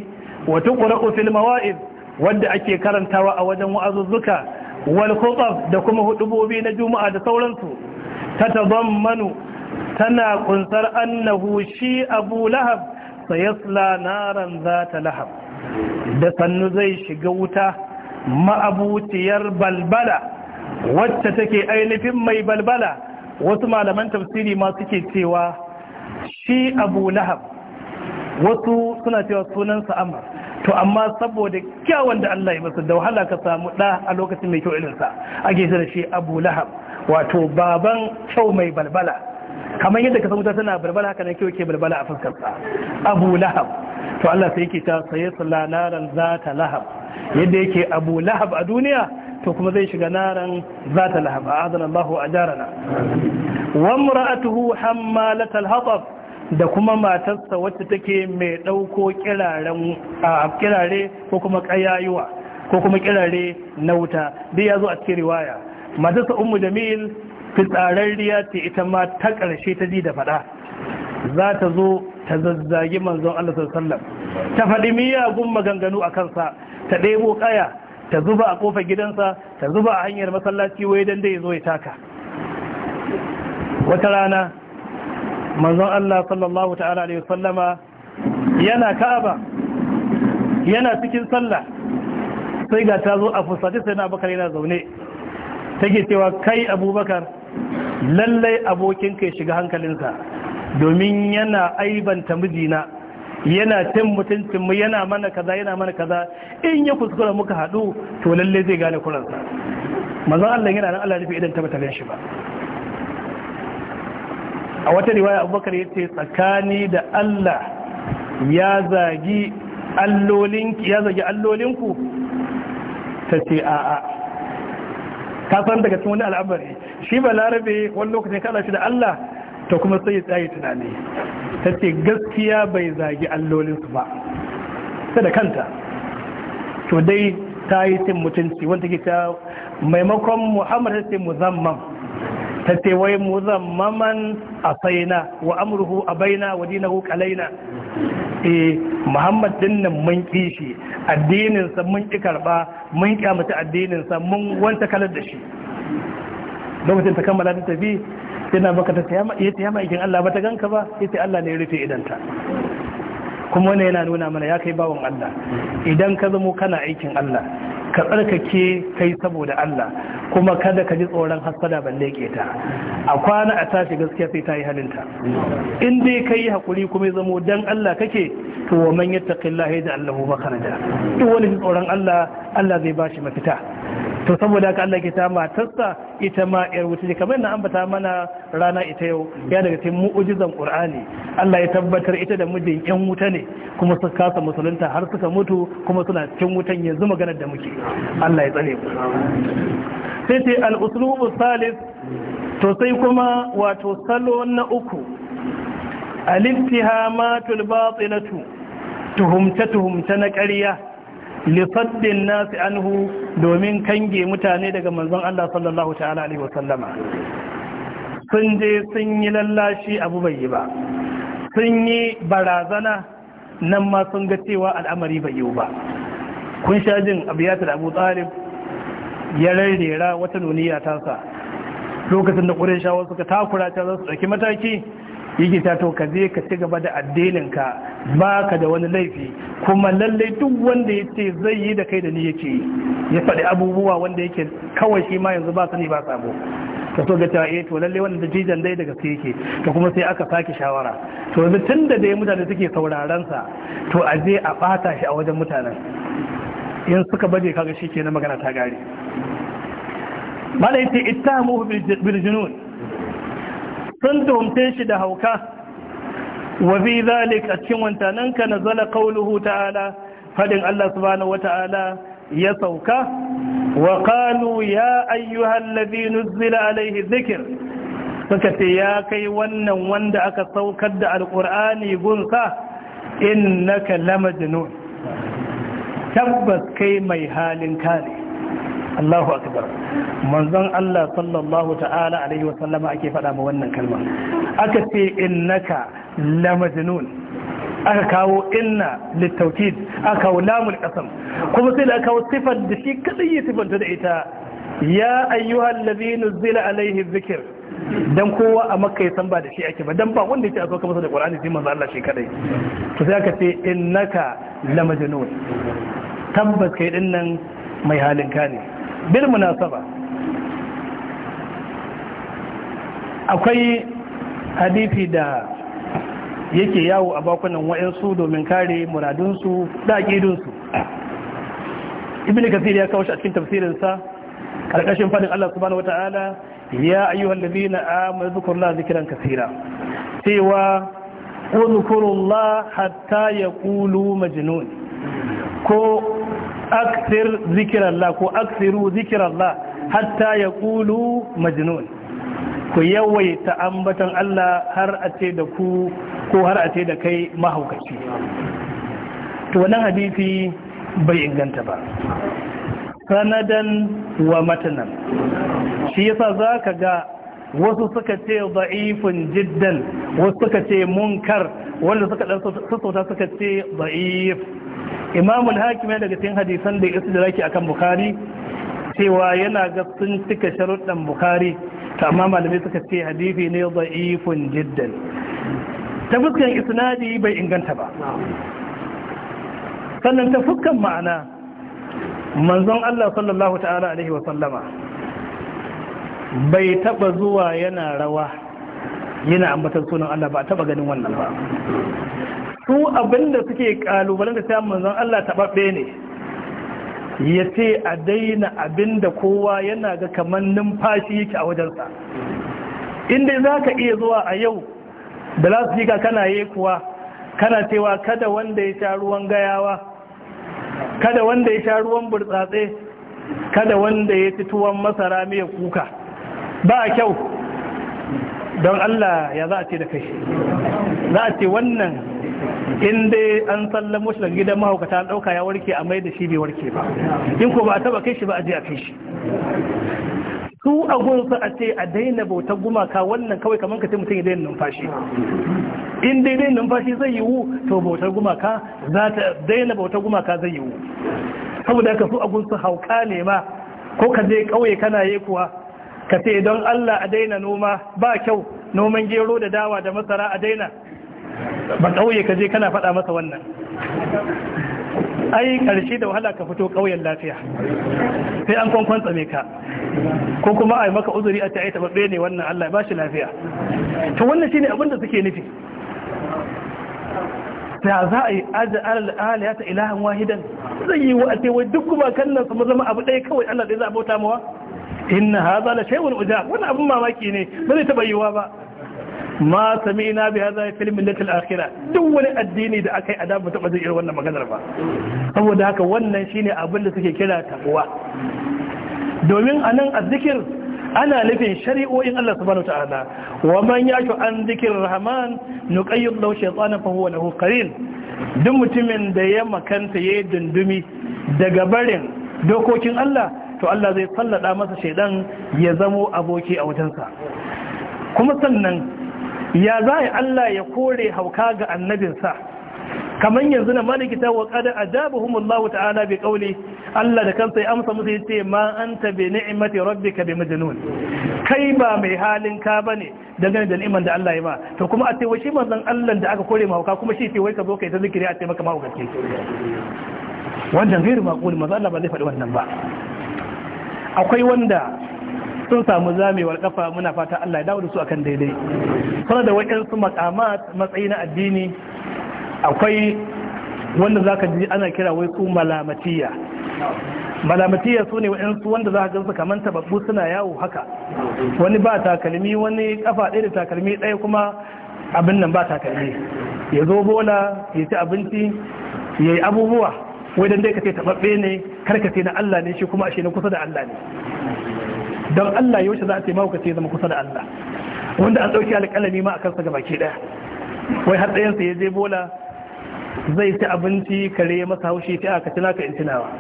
wa tuqra'u fil wadda ake karantawa a wajen wa'azuzzuka wal khutab da kuma hudubobi na juma'a da sauransu Manu, tana kunsar annahu shi abu lahab sayasla naran zata lahab da sannu zai shiga wuta ma'abuciyar balbala wacce take ainihin mai balbala wasu malaman tafsiri ma suke cewa shi abu lahab wasu suna cewa sunansa Amur. to amma saboda kyawun da Allah ya masa da wahala ka samu ɗa a lokacin mai kyau irinsa ake da shi abu lahab wato baban kyau mai balbala kamar yadda ka san wuta tana balbala haka na kyau ke balbala a fuskarsa abu lahab to Allah sai yake ta saye su za ta lahab yadda yake abu lahab a duniya to kuma zai shiga naran za ta lahab a azan Allahu a jarana wamra'atuhu hammalatal hatab da kuma matarsa wacce take mai dauko kiraren kirare ko kuma kayayuwa ko kuma kirare na wuta dai yazo a cikin riwaya matarsa ummu jamil fitsararriya ce ita ma ta ƙarshe ta ji da faɗa za ta zo ta zazzagi manzon Allah sallallahu ta faɗi miyagun maganganu a kansa ta ɗebo ƙaya, ta zuba a kofar gidansa ta zuba a hanyar masallaci wai don dai zo ya taka wata rana manzon Allah sallallahu ta'ala ya sallama yana Ka'aba yana cikin sallah sai ga ta zo a fusati sai na bakar yana zaune Ta ke cewa kai Abubakar lallai abokin ya shiga hankalinsa domin yana aibanta mijina yana cin mutuncin mu yana mana kaza yana mana kaza in ya kuskura muka haɗu to lalle zai gane kuransa mazan Allah yana nan Allah ya rufe idan ta bata shi ba a wata riwaya Abubakar yace tsakani da Allah ya zagi allolin ya zagi allolinku tace a a ka san daga cikin wani al'amari shi ba balarabe wani lokacin kana shi da Allah ta kuma sai ya tsaye tunani ta ce gaskiya bai zagi allolinsu ba ta da kanta to dai ta yi cin mutunci wanda ke ta maimakon muhammad ta ce muzamman ta ce wai muzammaman a saina wa amurhu a baina wa dinahu kalaina e eh, muhammad dinnan mun kishi addininsa mun ki karba mun kyamata addininsa mun wanta kalar da shi lokacin ta kammala ta tafi sai na baka ta yi ya ikin Allah ba ta ganka ba sai Allah ne ya rufe idanta kuma wani yana nuna mana ya kai bawan Allah idan ka zamo kana aikin Allah ka tsarkake kai saboda Allah kuma kada ka ji tsoron hasada balle ta, a kwana a tashi gaskiya sai ta yi halinta in dai ka yi haƙuri kuma ya zamo dan Allah kake to wa man yattaqillahi da Allahu da duk wani ji tsoron Allah Allah zai ba shi mafita to saboda ka Allah ke ta matarsa ita ma yar wuce ne kamar yadda ambata mana rana ita yau ya daga cikin mu'ujizan Qur'ani Allah ya tabbatar ita da mijin yan wuta ne kuma suka kasa musulunta har suka mutu kuma suna cikin wutan yanzu maganar da muke Allah ya tsare ku sai sai al-uslubu salis to sai kuma wato salo na uku al-ittihamatul batilatu tuhumta tuhumta na ƙarya li saddin nasi anhu domin kange mutane daga manzon Allah sallallahu ta'ala alaihi wasallama sun je sun yi lallashi abu bai yi ba sun yi barazana nan ma sun ga cewa al'amari bai yi ba kun sha jin abiyata da abu tsarin ya rarrera wata nuniya sa, lokacin da shawar suka takura ta za su ɗauki mataki yake ta to ka je ka ci gaba da addininka ba ka da wani laifi kuma lallai duk wanda ya ce zai yi da kai da ni yake ya faɗi abubuwa wanda yake kawai shi ma yanzu ba su ne ba sabo ka so ga ta yi eh, to lallai wanda jijan dai daga gaske yake to kuma sai aka sake shawara to yanzu tun da dai mutane suke sauraron sa to a je a ɓata shi a wajen mutanen in suka baje kaga shi ke na magana ta gari malai ce ita muhu birjinun sun tuhumte shi da hauka wa fi zalik a cikin wantananka na zala kauluhu ta'ala fadin Allah subhanahu wata'ala ya sauka wa qalu ya ayyuhal ladhi nuzila alaihi dhikr suka ce ya kai wannan wanda aka saukar da alqur'ani gunsa innaka lamajnun tabbas kai mai halin kare Allahu akbar manzon Allah sallallahu ta'ala alaihi wa sallama ake faɗa ma wannan kalma aka ce innaka la majnun aka kawo inna littawkid aka kawo lamul qasam kuma sai da aka kawo sifar da shi kadai ya sifanta da ita ya ayyuhal ladhina zila alaihi dhikr dan kowa a makka ya san ba da shi ake ba dan ba wanda yake a ka masa da qur'ani sai manzo Allah shi kadai to sai aka ce innaka la majnun tabbas kai din nan mai ka ne bil munasaba akwai hadisi da yake yawo a bakunan wayansu domin kare muradunsu da su ibnu kasir ya kawo shi a cikin tafsirinsa karkashin fadin Allah subhanahu wataala ya ayyuhal a amanu dhkurullaha dhikran kaseera cewa udhkurullaha hatta kulu majnun ko akthir la ko akthiru la hatta yaqulu majnun ku yawaita ambatan Allah har a ce da ku ko har a ce da kai mahaukaci to wannan hadisi bai inganta ba sanadan wa matanan shi yasa za ka ga wasu suka ce za'ifin jiddan wasu suka ce munkar wanda suka ɗan sassauta suka ce za'if imamul hakimai daga cikin hadisan da istidraki akan bukari cewa yana ga sun cika sharuɗan bukari ta amma malamai suka ce hadifi ne za'ifin jiddan ta fuskan isnadi bai inganta ba sannan ta fuskan ma'ana manzon Allah sallallahu ta'ala alaihi bai taba zuwa yana rawa yana ambatar sunan Allah ba a taba ganin wannan ba su abinda suke kalubalen da sayan manzon Allah taɓaɓɓe ne ya ce a daina abinda kowa yana ga kamar numfashi yake a wajensa inda za ka iya zuwa a yau da za su jika kana yi kuwa kana cewa kada wanda ya sha ruwan gayawa kada wanda ya sha ruwan burtsatse kada wanda ya ci tuwon masara mai kuka ba kyau don Allah ya za a ce da kai za a ce wannan in dai an sallamo shi daga gidan mahaukata an ɗauka ya warke a mai da shi bai warke ba in ko ba a taba kai shi ba a je a kai shi su a gunsu a ce a daina bautar gumaka wannan kawai kamar ka ce mutum ya daina numfashi in dai daina numfashi zai yiwu to bautar gumaka za ta daina bautar gumaka zai yiwu saboda ka su a gunsu hauka ne ma ko ka je kauye kana yi kuwa ka ce don Allah a daina noma ba kyau noman gero da dawa da masara a daina ba ƙauye ka je kana faɗa masa wannan ai ƙarshe da wahala ka fito ƙauyen lafiya sai an kwankwan tsame ka ko kuma a yi maka uzuri a ta aita babbe ne wannan Allah ba shi lafiya to wannan shine abin da suke nufi da za a yi al'aliya ta ilahan wahidan zai yi wa a cewa duk kuma kan nan su zama abu ɗaya kawai Allah ɗaya za a bauta mawa inna haza la shay'un uja wani abun mamaki ne ba zai taba yiwa ba ma sami'na bi hadha fil millati al-akhirah duk wani addini da akai a da ba taba zai irin wannan maganar ba saboda haka wannan shine abin da suke kira takwa domin anan azzikir ana nufin shari'o'in Allah subhanahu ta'ala wa man yashu an zikir rahman nuqayyid lahu shaytanan fa huwa lahu qarin duk mutumin da ya makanta yayin dundumi daga barin dokokin Allah to Allah zai sallada masa shaidan ya zamo aboki a wajensa kuma sannan ya za a Allah ya kore hauka ga annabinsa kamar yanzu na malikita wa kada ajabahum Allah ta'ala bi qawli Allah da kansa ya amsa musu yace ma anta bi ni'mati rabbika bi majnun kai ba mai halin ka bane dangane da ni'man da Allah ya ba to kuma a ce wai shi manzon Allah da aka kore mahauka kuma shi ce wai ka zo kai ta zikiri a ce maka mahaukaci wannan gairu maqul manzon Allah ba zai faɗi wannan ba akwai wanda sun samu zamewar kafa muna fata Allah ya dawo da su akan daidai kuma da su makama matsayi na addini akwai wanda zaka ji ana kira wai su malamatiya malamatiya su ne waɗansu wanda za ka gansu kamar tababbu suna yawo haka wani ba takalmi wani kafa ɗaya da takalmi ɗaya kuma abin nan ba takalmi ya zo bola ya ci abinci ya yi abubuwa wai dan dai ka ce tababbe ne kar ka ce na Allah ne shi kuma ashe na kusa da Allah ne don Allah yaushe za a ce maka ce zama kusa da Allah wanda an dauki alƙalami ma a kansa ga baki daya wai har ɗayan sa ya je bola zai ci abinci kare masa haushi ta aka tuna ka intinawa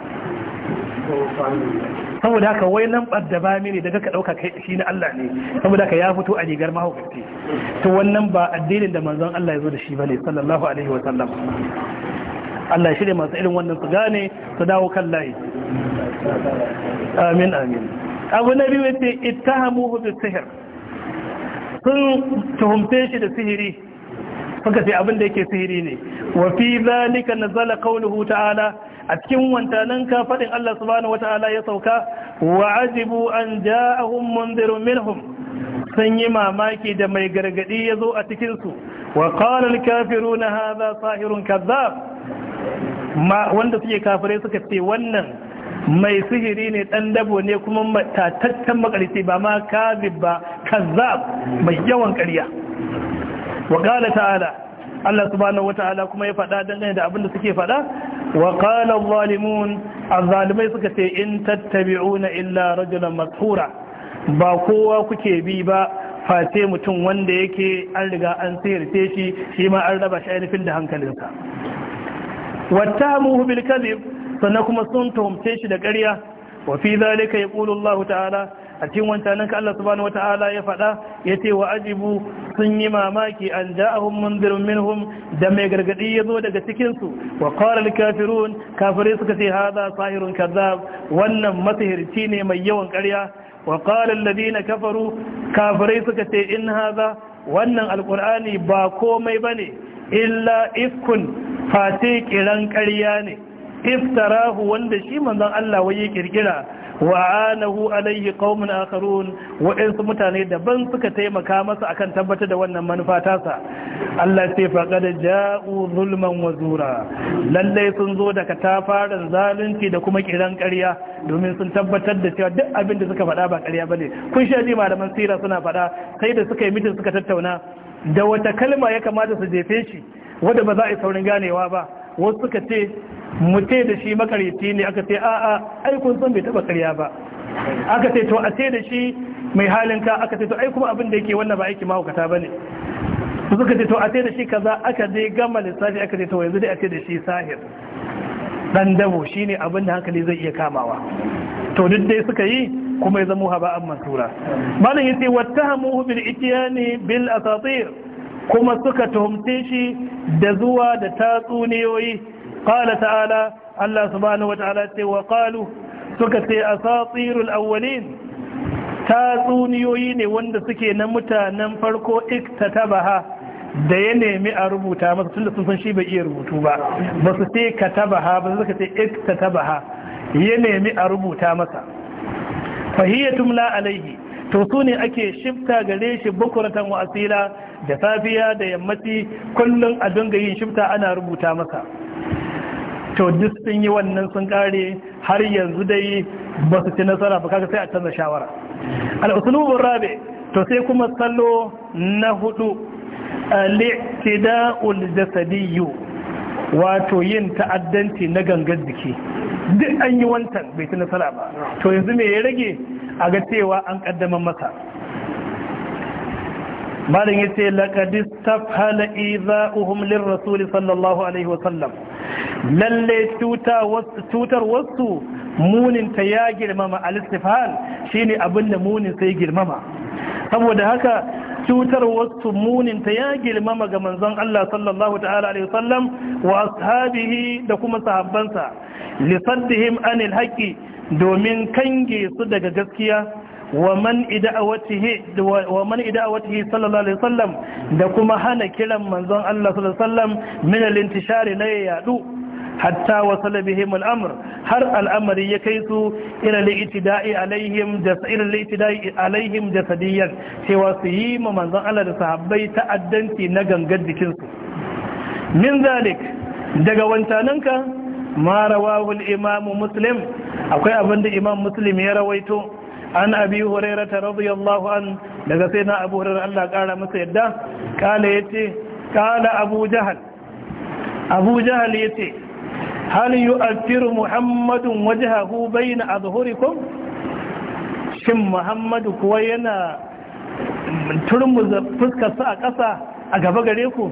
saboda haka wai nan da ba mini daga ka ɗauka kai shi na Allah ne saboda haka ya fito a rigar mahaukaci to wannan ba addinin da manzon Allah ya zo da shi bane sallallahu alaihi wa sallam Allah shirya masu irin wannan su gane su dawo kan layi amin amin abu na biyu yace ittahamu bi sihir sun tuhumte shi da sihiri suka ce abin da yake sihiri ne wa fi zalika nazala qawluhu ta'ala a cikin wantanan ka fadin Allah subhanahu wata'ala ya sauka wa ajibu an ja'ahum munzirun minhum sun yi mamaki da mai gargadi ya zo a cikinsu wa ƙalar kafiru na haza sahirun kazzab ma wanda suke kafirai suka ce wannan mai sihiri ne dan dabo ne kuma tatattan makarci ba ma kazib ba kazzab mai yawan ƙarya wa qala ta'ala Allah subhanahu wata'ala kuma ya faɗa dangane da abin da suke faɗa wa qala adh suka ce in tattabi'una illa rajulan mashura ba kowa kuke bi ba face mutum wanda yake an riga an sayarce shi shi ma an raba shi ainihin da hankalinsa Wata muhu kadhib sannan kuma sun tuhumce shi da ƙarya wa fi zalika yaqulu Allah ta'ala a cikin wancan nan ka Allah subhanahu wata'ala ya faɗa yace wa ajibu sun yi mamaki an ja'ahum munzirun minhum da mai gargadi ya zo daga cikin su wa qala al-kafirun kafirai suka ce hada sahirun kazzab wannan masihirci ne mai yawan ƙarya wa qala alladhina kafaru kafirai suka ce in haza. wannan alqur'ani ba komai bane illa ifkun Fati kiran ƙarya ne iftarahu wanda shi manzon Allah waye kirkira wa anahu alaihi qaumun akharun su mutane daban suka taimaka masa akan tabbatar da wannan manufa tasa Allah sai faqad ja'u zulman wa zura lalle sun zo daga tafarin zalunci da kuma kiran ƙarya domin sun tabbatar da cewa duk abin da suka faɗa ba ƙarya bane kun sha ji malaman sira suna faɗa sai da suka yi mitin suka tattauna da wata kalma ya kamata su jefe shi wadda ba za a yi saurin ganewa ba wasu suka ce mute da shi makaryaci ne aka ce a'a ai kun san bai taba karya ba aka ce to a ce da shi mai halin ka aka ce to ai kuma abin da yake wannan ba aiki mahaukata bane suka ce to a ce da shi kaza aka je gama lissafi aka ce to yanzu dai a ce da shi sahir dan dabo shine abin da hankali zai iya kamawa to duk dai suka yi kuma ya zamo zama haba'an mansura malam yace wattahamu bil ityani bil asatir kuma suka tuhumce shi da zuwa da tatsuniyoyi qala ta'ala Allah subhanahu wataala ce wa qalu suka ce asatirul awwalin tatsuniyoyi ne wanda suke na mutanen farko iktatabaha da ya nemi a rubuta masa tunda sun san shi bai iya rubutu ba ba su ce katabaha ba suka ce iktatabaha ya nemi a rubuta masa fahiyatum la alaihi to su ne ake shifta gare shi bukuratan wa asila da safiya da yammaci kullum a dinga yin shifta ana rubuta masa to duk sun yi wannan sun kare har yanzu dai ba su ci nasara ba kaga sai a canza shawara al'usulubun rabi to sai kuma salo na hudu li'tida'ul jasadiyyu wato yin ta'addanci na gangan jiki duk an yi wantan bai ci nasara ba to yanzu me ya rage a ga cewa an ƙaddamar masa malin ya ce laƙadis ta hala iza uhumlin rasuli sallallahu alaihi wasallam lalle cutar wasu muninta ya girmama shi shine abin da munin sai girmama saboda haka cutar wasu muninta ya girmama ga manzon Allah sallallahu ta'ala alaihi wasallam wa ashabihi da kuma sahabbansa lisaddihim anil haqqi domin kange su daga gaskiya wa man ida'awatihi sallallahu alaihi wasallam da kuma hana kiran manzon Allah sallallahu alaihi wasallam min al-intishari la yadu hatta wasala bihim al-amr har al'amari ya kai su ila li'tida'i alaihim da ila li'tida'i alaihim cewa su yi ma manzon Allah da sahabbai ta'addanci na gangar jikinsu. su min zalik daga wancananka ma rawahu al-imam muslim akwai abin da imam muslim ya rawaito an abi hurairata radiyallahu an daga sai na abu hurera Allah kara masa yadda kala yace kala abu jahal abu jahal yace hal alfiru muhammadun wajhahu bayna adhhurikum shin muhammadu kuwa yana turin mu fuskar su a ƙasa a gaba gare ku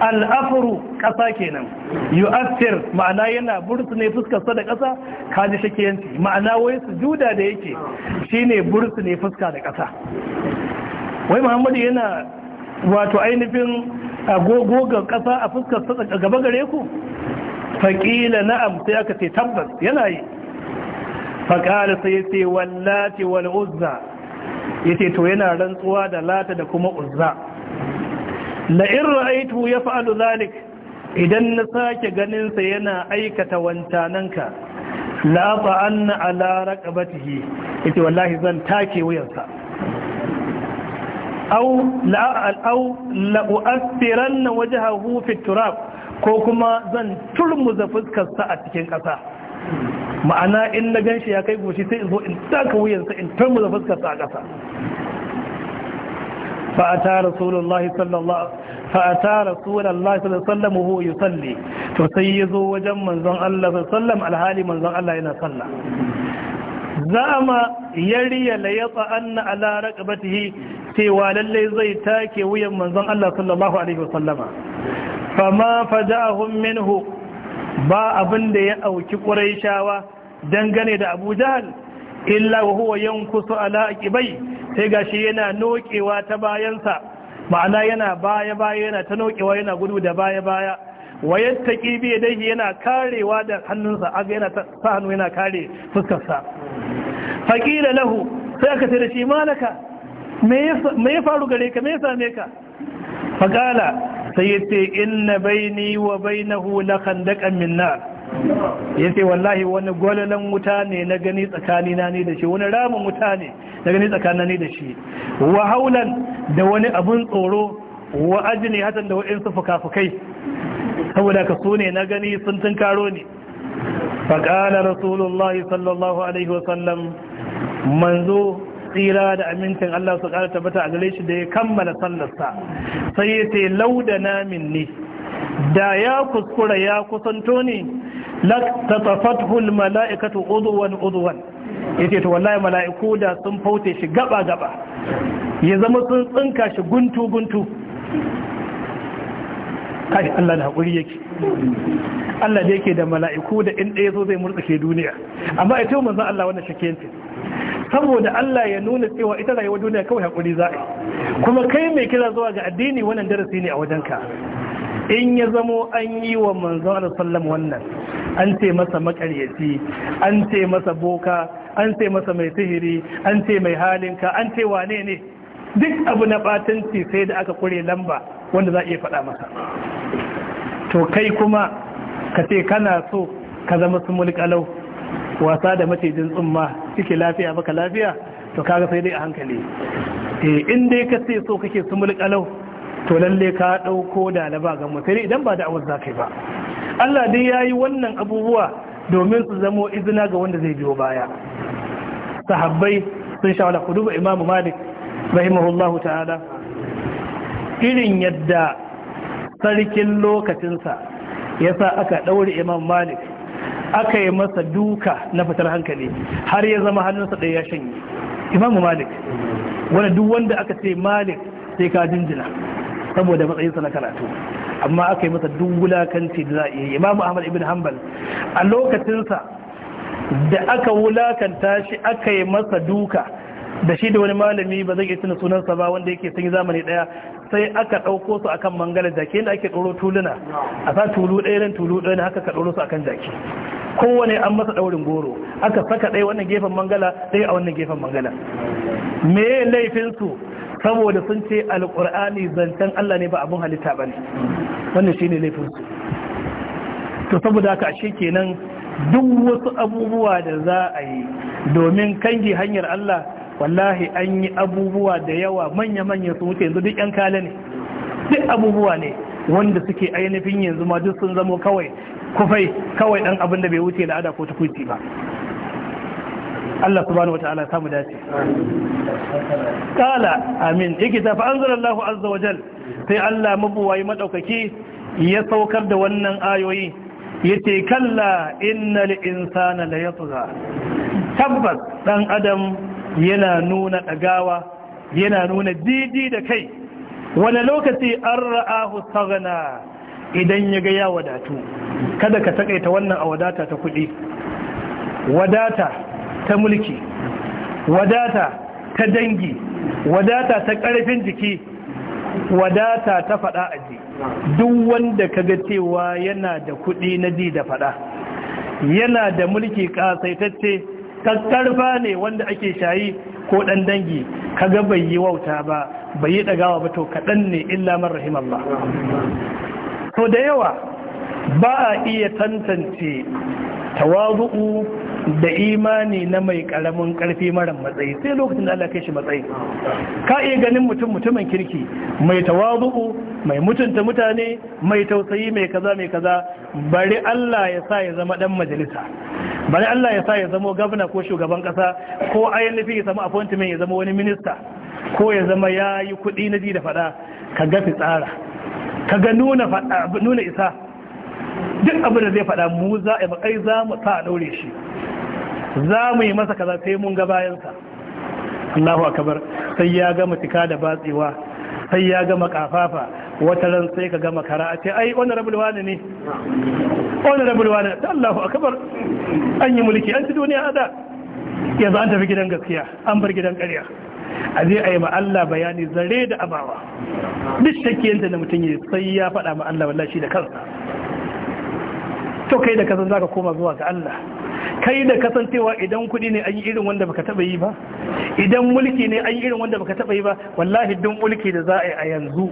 al'afuru ƙasa kenan yu'assir ma'ana yana burtu ne fuskarsa da ƙasa kaji yanki. ma'ana wai su juda da yake shine burtu ne fuska da ƙasa wai muhammadu yana wato ainihin agogogon ƙasa a fuskarsa a gaba gare ku faƙila na'am sai aka ce tabbas yana yi faƙala sai sai wallati wal uzza yace to yana rantsuwa da lata da kuma uzza la in ra'aytu yaf'alu zalik idan na sake ganin sa yana aikata wancananka la ta'anna ala raqabatihi yace wallahi zan take wuyarsa aw la aw la u'athiranna wajhahu fi turab ko kuma zan turmuza fuskar sa a cikin ƙasa. ma'ana in na ganshi ya kai goshi sai in zo in taka wuyansa in tarmu da fuskar ta kasa fa'ata sallallahu alaihi wasallam yusalli to sai yazo wajen manzon Allah sallallahu alaihi wasallam manzon Allah yana salla zama yariya la yata anna ala raqabatihi cewa lalle zai take wuyan manzon Allah sallallahu alaihi wasallam fama faja'ahum minhu ba abinda ya auki ƙurai dangane da abu jahal illa huwa yankusu ala aqibai sai gashi yana nokewa ta bayansa ma'ana yana baya baya yana ta nokewa yana gudu da baya baya wa yattaqi bi yadayhi yana karewa da hannunsa aga yana sa hannu yana kare fuskarsa faqila lahu sai aka ce shi malaka me ya faru gare ka me ya same ka faqala sai inna baini wa bainahu la khandaqan min nar ya ce wallahi wani gwalalan wuta ne na gani tsakanina ne da shi wani ramin wuta ne na gani tsakanina ne da shi wa haulan da wani abin tsoro wa ne hatan da wa'insu fuka-fukai saboda ka su ne na gani sun tunkaro ne faƙala rasulullahi sallallahu alaihi wasallam manzo tsira da amincin Allah su ƙara tabbata a gare shi da ya kammala sallarsa sai ya ce lauda namin ne da ya kuskura ya kusanto ne latafathu mala’ikatu udwan udwan yace to wallahi mala'iku da sun faute shi gaba gaba ya zama sun tsinka shi guntu guntu kai Allah da hakuri yake Allah da yake da mala'iku da in ɗaya zo zai murtsake duniya amma ita manzo Allah wannan shakkentin saboda Allah ya nuna cewa ita rayuwar duniya kawai hakuri za a kuma kai mai kira zuwa ga addini wannan darasi ne a wajenka in ya zamo an yi wa manzon Allah sallam wannan an ce masa makaryaci an ce masa boka an ce masa mai sihiri an ce mai halinka an ce wane ne duk abu na batanci sai da aka kure lamba wanda za a iya faɗa masa to kai kuma ka ce kana so ka zama su mulkalau wasa da macejin tsumma cike lafiya baka lafiya to kaga sai dai a hankali eh, in dai ka ce so kake su mulkalau to lalle ka ɗauko dalaba ga mutane idan ba da awar zakai ba Allah dai ya yi wannan abubuwa domin su zamo izina ga wanda zai biyo baya sahabbai sun sha wala kuduba imamu malik rahimahullahu ta'ala irin yadda sarkin lokacinsa ya sa aka ɗaure imam malik aka yi masa duka na fitar hankali har ya zama hannunsa ɗaya ya shanye imam malik wanda duk wanda aka ce malik sai ka jinjina saboda matsayinsa na karatu amma aka yi masa duk wulakanci da za a yi. imamu ahmad ibn hanbal a lokacinsa da aka wulakanta shi aka yi masa duka da shi da wani malami ba zai iya tuna sunansa ba wanda yake sun zamani daya sai aka ɗauko su akan mangala jaki yadda ake ɗoro tuluna a sa tulu ɗaya nan tulu ɗaya haka ka ɗoro su akan jaki kowane an masa ɗaurin goro aka saka ɗaya wannan gefen mangala ɗaya a wannan gefen mangala me laifin su saboda sun ce alkur'ani zancen Allah ne ba abin halitta ba ne wannan shi ne laifinsu to saboda haka ashe kenan duk wasu abubuwa da za a yi domin kangi hanyar Allah wallahi an yi abubuwa da yawa manya-manya sun wuce yanzu duk 'yan kala ne duk abubuwa ne wanda suke ainihin yanzu ma duk sun zamo kawai kufai kawai dan abin da bai wuce da ada ko tukuti ba Allah subhanahu wataala samu dace kala amin ikita fa anzalallahu azza jal. sai Allah mabuwayi madaukaki ya saukar da wannan ayoyi yace kalla innal insana la yatgha tabbas dan adam yana nuna dagawa yana nuna didi da kai wani lokaci an ra'ahu idan ya gaya ya wadatu kada ka takaita wannan a wadata ta kuɗi wadata ta mulki wadata ta dangi wadata ta ƙarfin jiki wadata ta faɗa aji duk wanda ka ga cewa yana da kuɗi na ji da faɗa yana da mulki ƙasaitacce tattarfa ne wanda ake shayi ko ɗan dangi kaga bai yi wauta ba bai yi ɗagawa ba to kaɗan ne illa man ba. to da yawa ba a iya tantance tawazu'u da imani na mai karamin karfi mara matsayi sai lokacin da Allah kai shi matsayi ka iya ganin mutum mutumin kirki mai tawazu'u mai mutunta mutane mai tausayi mai kaza mai kaza bari Allah ya sa ya zama dan majalisa bari Allah ya sa ya zama gwamna ko shugaban kasa ko ayyuka ya samu appointment ya zama wani minista ko ya zama yayi kuɗi na ji da fada ka ga tsara. ka ga nuna nuna isa duk abin da zai faɗa mu za a yi bakai za mu sa a ɗaure shi za mu yi masa kaza sai mun ga bayansa Allahu akbar sai ya gama tika da batsewa sai ya gama kafafa wata ran sai ka gama kara a ce ai rabul wani ne rabul wani ta Allahu akbar an yi mulki an ci duniya ada yanzu an tafi gidan gaskiya an bar gidan ƙarya a zai a yi ma Allah bayani zare da abawa duk shakkiyanta da mutum yi sai ya faɗa ma Allah wallahi shi da kansa to kai da kasan zaka koma zuwa ga Allah kai da kasancewa idan kudi ne an yi irin wanda baka taba yi ba idan mulki ne an yi irin wanda baka taba yi ba wallahi duk mulki da za a yi a yanzu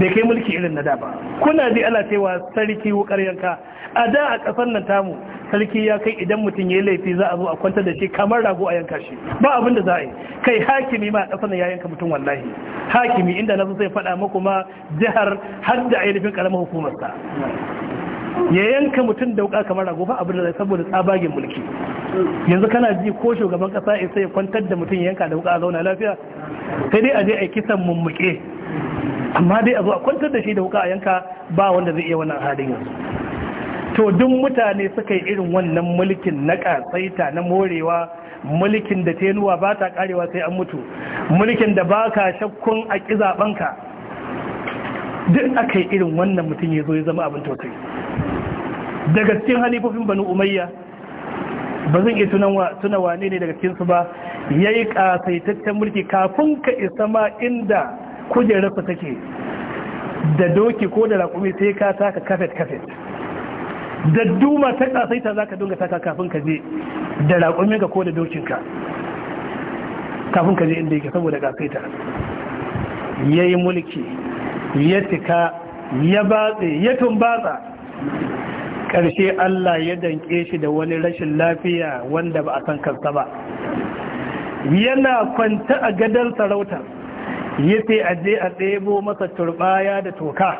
bai kai mulki irin na da ba kuna ji ana cewa sarki wukar yanka a da a kasar nan tamu sarki ya kai idan mutum ya yi laifi za a zo a kwantar da shi kamar rago a yanka shi ba abin da za a yi kai hakimi ma a kasar ya yanka mutum wallahi hakimi inda na so sai faɗa muku ma jihar har da ainihin karamar ta. ya yanka mutum da kamar rago ba abin da saboda tsabagen mulki yanzu kana ji ko shugaban kasa ya kwantar da mutum yanka da wuka a zauna lafiya sai dai a je a kisan mummuke amma dai a zo a kwantar da shi da wuka a yanka ba wanda zai iya wannan halin yanzu to duk mutane suka yi irin wannan mulkin na kasaita na morewa mulkin da tenuwa ba ta karewa sai an mutu mulkin da ba ka shakkun a ƙi duk aka yi irin wannan mutum ya zo ya zama abin tausayi daga cikin halifofin banu umayya ba zan iya tuna wane ne daga cikinsu ba ya yi ƙasaitaccen mulki kafin ka isa ma inda kujerarsa take da doki ko da raƙumi sai ka taka kafet-kafet da duma ta ƙasaita za ka dunga taka kafin ka je da raƙuminka ko da dokinka kafin ka je inda yake saboda ƙasaita ya yi mulki ya tika ya batse ya tumbatsa ƙarshe Allah ya danƙe shi da wani rashin lafiya wanda ba a san kansa ba yana kwanta a gadon sarauta ya ce a je a ɗebo masa turbaya da toka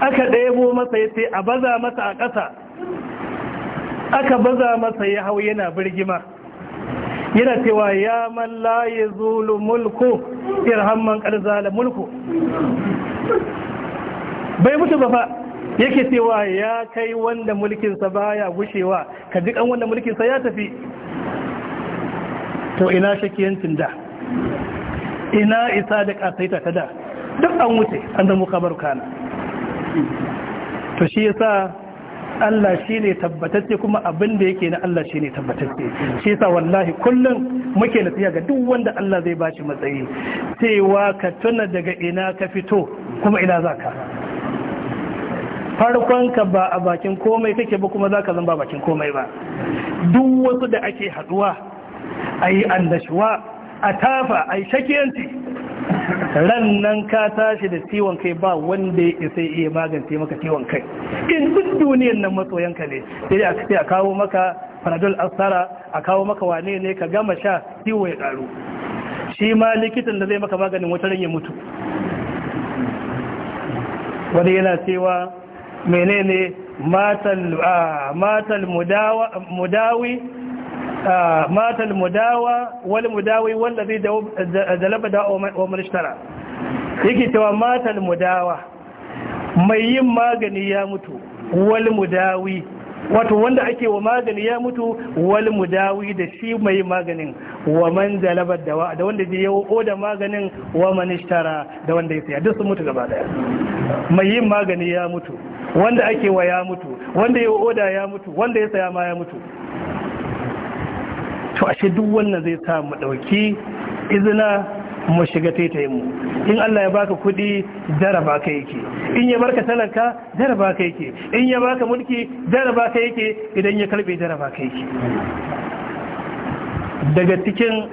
aka ɗebo masa ya ce a baza masa a ƙasa aka baza masa ya hau yana birgima yana cewa ya man laye zulu mulku irhamman ƙarzala mulku bai mutu ba fa yake cewa ya kai wanda mulkinsa baya gushewa ka ji kan wanda mulkinsa ya tafi to ina shakiyancin da ina isa da kasaita ta da duk an wuce an zama kabar kana to shi yasa Allah shi ne tabbatacce kuma abin da yake na Allah shi ne tabbatacce shi yasa wallahi kullum muke na tsaye ga duk wanda Allah zai ba shi matsayi cewa ka tuna daga ina ka fito kuma ina za ka. farkon ka ba a bakin komai kake ba kuma zaka zan ba bakin komai ba duk wasu da ake haduwa a yi annashuwa a tafa yi shakiyanci ran nan ka tashi da ciwon kai ba wanda ya isa iya magance maka ciwon kai in duk duniyar nan matsoyanka ne sai a kawo maka panadol asara a kawo maka wane ne ka gama sha ciwo ya karu shi ma likitan da zai maka maganin wata ran ya mutu wani yana cewa menene matal mudawi matal mudawa wal mudawi wallazi jalaba da umar ishtara yake cewa matal mudawa mai yin magani ya mutu wal mudawi wato wanda ake wa magani ya mutu wal mudawi da shi mai maganin wa man jalaba dawa da wanda ya yi oda maganin wa man ishtara da wanda ya siya. duk sun mutu gaba daya mai yin magani ya mutu wanda ake wa ya mutu wanda ya oda ya mutu wanda ya saya ma ya mutu to ashe duk wannan zai sa mu dauki izina mu shiga taitayin mu in Allah ya baka kudi jaraba ka yake in ya barka talaka jaraba ka yake in ya baka mulki jaraba ka yake idan ya karbe jaraba ka yake daga cikin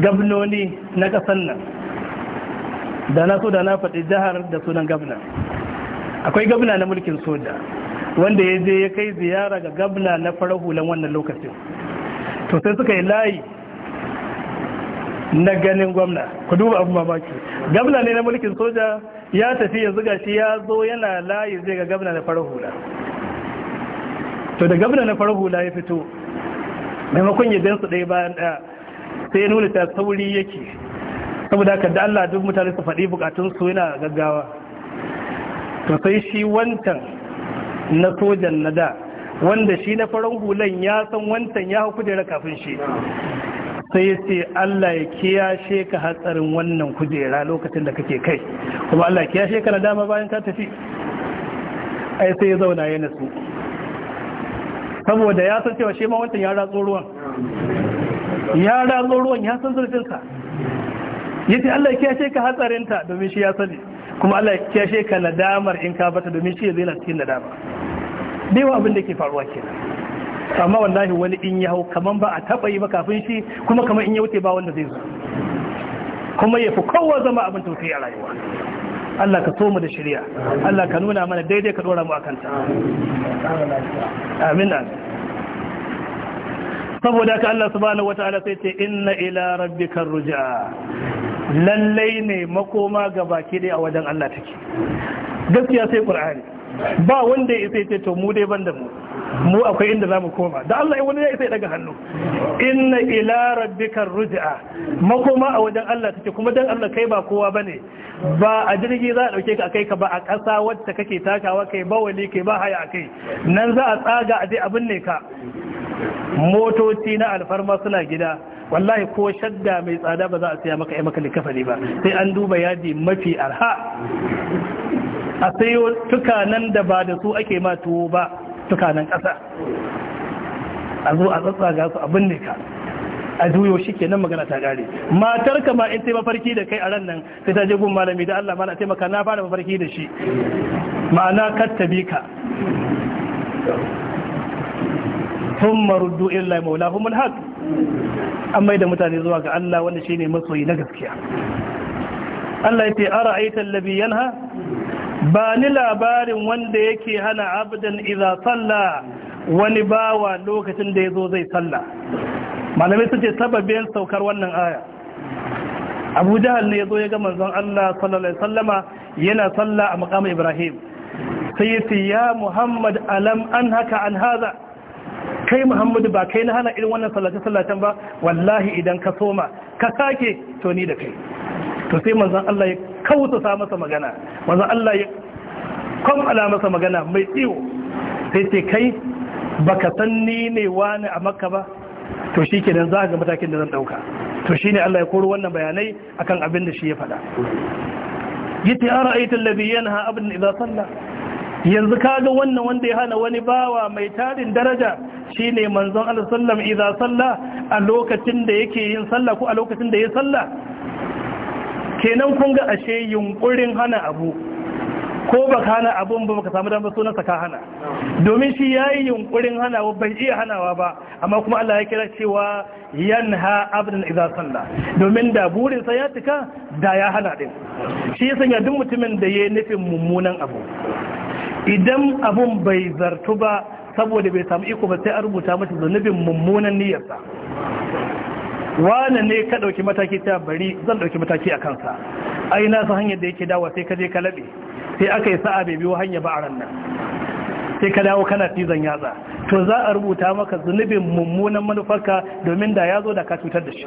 gabnoni na kasan nan da na so da na faɗi jihar da sunan gabna akwai gabna na mulkin soja wanda ya je ya kai ziyara ga gabna na farar hulan wannan lokacin to sai suka yi layi na ganin gwamna ku duba abu mamaki gabna ne na mulkin soja ya tafi ya zuga shi ya zo yana layi zai ga gabna na farar hula to da gabna na farar hula ya fito maimakon ya su ɗaya bayan ɗaya sai ya nuna ta sauri yake saboda ka da Allah duk mutane su faɗi bukatunsu yana gaggawa to sai shi wancan na sojan na da wanda shi na farin hulan ya san wancan ya hau kujera kafin shi sai ya ce Allah ya kiyashe ka hatsarin wannan kujera lokacin da kake kai kuma Allah ya kiyashe ka na dama bayan ka tafi ai sai ya zauna ya nasu saboda ya san cewa shi ma wancan ya ratso ruwan ya ratso ruwan ya san zurfinsa ya ce Allah ya kiyashe ka hatsarinta domin shi ya sani kuma Allah ya kyashe ka nadamar in ka bata domin shi zai na nadama bai wa abin da ke faruwa ke. amma wallahi wani in ya hau kaman ba a taba yi ba kafin shi kuma kaman in ya wuce ba wanda zai zo kuma ya fi kowa zama abin tausayi a rayuwa Allah ka so mu da shirya Allah ka nuna mana daidai ka dora mu ta. amin amin saboda ka Allah subhanahu wataala sai ce inna ila rabbikar ruj'a lallai ne makoma ga baki dai a wajen Allah take gaskiya sai qur'ani ba wanda ya sai ce to mu dai banda mu mu akwai inda zamu koma da Allah ya wani ya sai daga hannu inna ila rabbikar ruj'a makoma a wajen Allah take kuma dan Allah kai ba kowa bane ba a jirgi za a dauke ka kai ka ba a ƙasa wacce kake takawa kai wali kai ba haya kai nan za a tsaga a dai abin ne ka motoci na alfarma suna gida wallahi ko shadda mai tsada ba za a siya maka maka likafani ba sai an duba yaji mafi arha a sayo tukanan da ba da su ake ma tuwo ba tukanan ƙasa a zo a tsatsaga su abin ne ka a juyo shi kenan magana ta gare matar ka ma in sai mafarki da kai a ran nan sai ta je gun malami da Allah mana taimaka na fara mafarki da shi ma'ana kattabi ka sun maruddu illa maulahum alhaq an mai da mutane zuwa ga Allah wanda shi ne masoyi na gaskiya Allah ya ce a ara'aita tallafi yanha ba ni labarin wanda yake hana abdan iza salla wani bawa lokacin da ya zo zai salla malamai ce sababin saukar wannan aya Abu Jahal ne zo ya ga manzon Allah sallallahu alaihi yana salla a maqam Ibrahim sai ya ce ya Muhammad alam an haka an haza kai muhammadu ba kai na hana irin wannan sallace-sallacen ba wallahi idan ka soma ka sake to ni da kai to sai manzan Allah ya kawusa masa magana manzan Allah ya kwamfala masa magana mai tsiwo sai sai kai ka san ni ne wani a makka ba to shi kenan za ga matakin da zan dauka to shi ne Allah ya koro wannan bayanai akan abin da shi ya faɗa yace ara aita alladhi yanha abdan idza salla yanzu kaga wannan wanda ya hana wani bawa mai tarin daraja Shi ne manzon Allah sallam idza salla a lokacin da yake yin salla ko a lokacin da ya salla kenan kun ga ashe yunkurin hana abu ko baka hana abun ba baka samu damar sunan ka hana domin shi yayi yunkurin hanawa bai iya hanawa ba amma kuma Allah ya kira cewa yanha abdan idza salla domin da burinsa ya tuka da ya hana din shi ya ya duk mutumin da ya yi nufin mummunan abu idan abun bai zartu ba saboda bai samu iko ba sai a rubuta mata zunubin mummunan niyyarsa wane ne ka ɗauki mataki ta bari zan ɗauki mataki a kansa ai na san hanyar da yake dawo sai ka je ka labe sai aka yi sa'a bai biyo hanya ba a ran nan sai ka dawo kana cizon yatsa to za a rubuta maka zunubin mummunan manufarka domin da ya zo da ka cutar da shi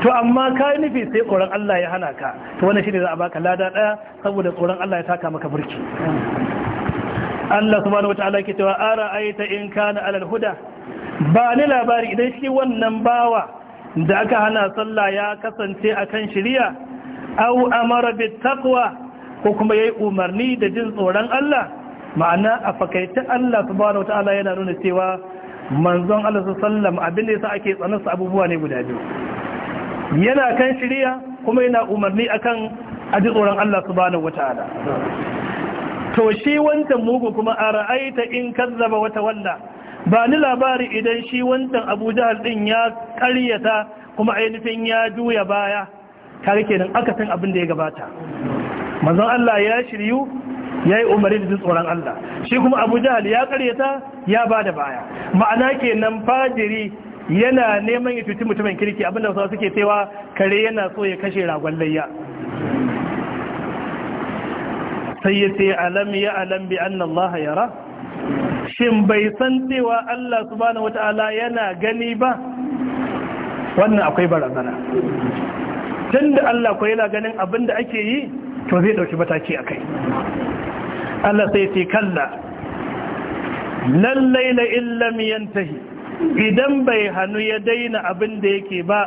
to amma ka yi nufi sai tsoron Allah ya hana ka to wannan shi ne za a baka lada ɗaya saboda tsoron Allah ya taka maka burki Allah subhanahu wataala ke cewa ara'aita in kana alal huda ba ni labari idan shi wannan bawa da aka hana sallah ya kasance akan shiriya? aw amara bit taqwa ko kuma yayi umarni da jin tsoron Allah ma'ana a fakaita Allah subhanahu wataala yana nuna cewa manzon Allah Sallam abin da yasa ake tsanansa abubuwa ne guda biyu yana kan shiriya kuma yana umarni akan aji tsoron Allah subhanahu wataala to shi wancan mugu kuma a ra'aita in kazzaba wata walla ba ni labari idan shi wancan abu jihar din ya karyata kuma ainihin ya juya baya kare kenan aka san abin da ya gabata manzon Allah ya shiryu ya yi umarni da tsoron Allah shi kuma abu jihar ya karyata ya bada baya ma'ana kenan fajiri yana neman ya cuci mutumin kirki abinda wasu suke cewa kare yana so ya kashe ragon layya sai ya ce alam ya alam bi anna Allah shin bai san cewa Allah subhanahu wata'ala yana gani ba wannan akwai barazana tunda Allah ko yana ganin abinda ake yi to zai dauki mataki akai Allah sai ce kalla lallai la illam yantahi idan bai hanu ya daina abin da yake ba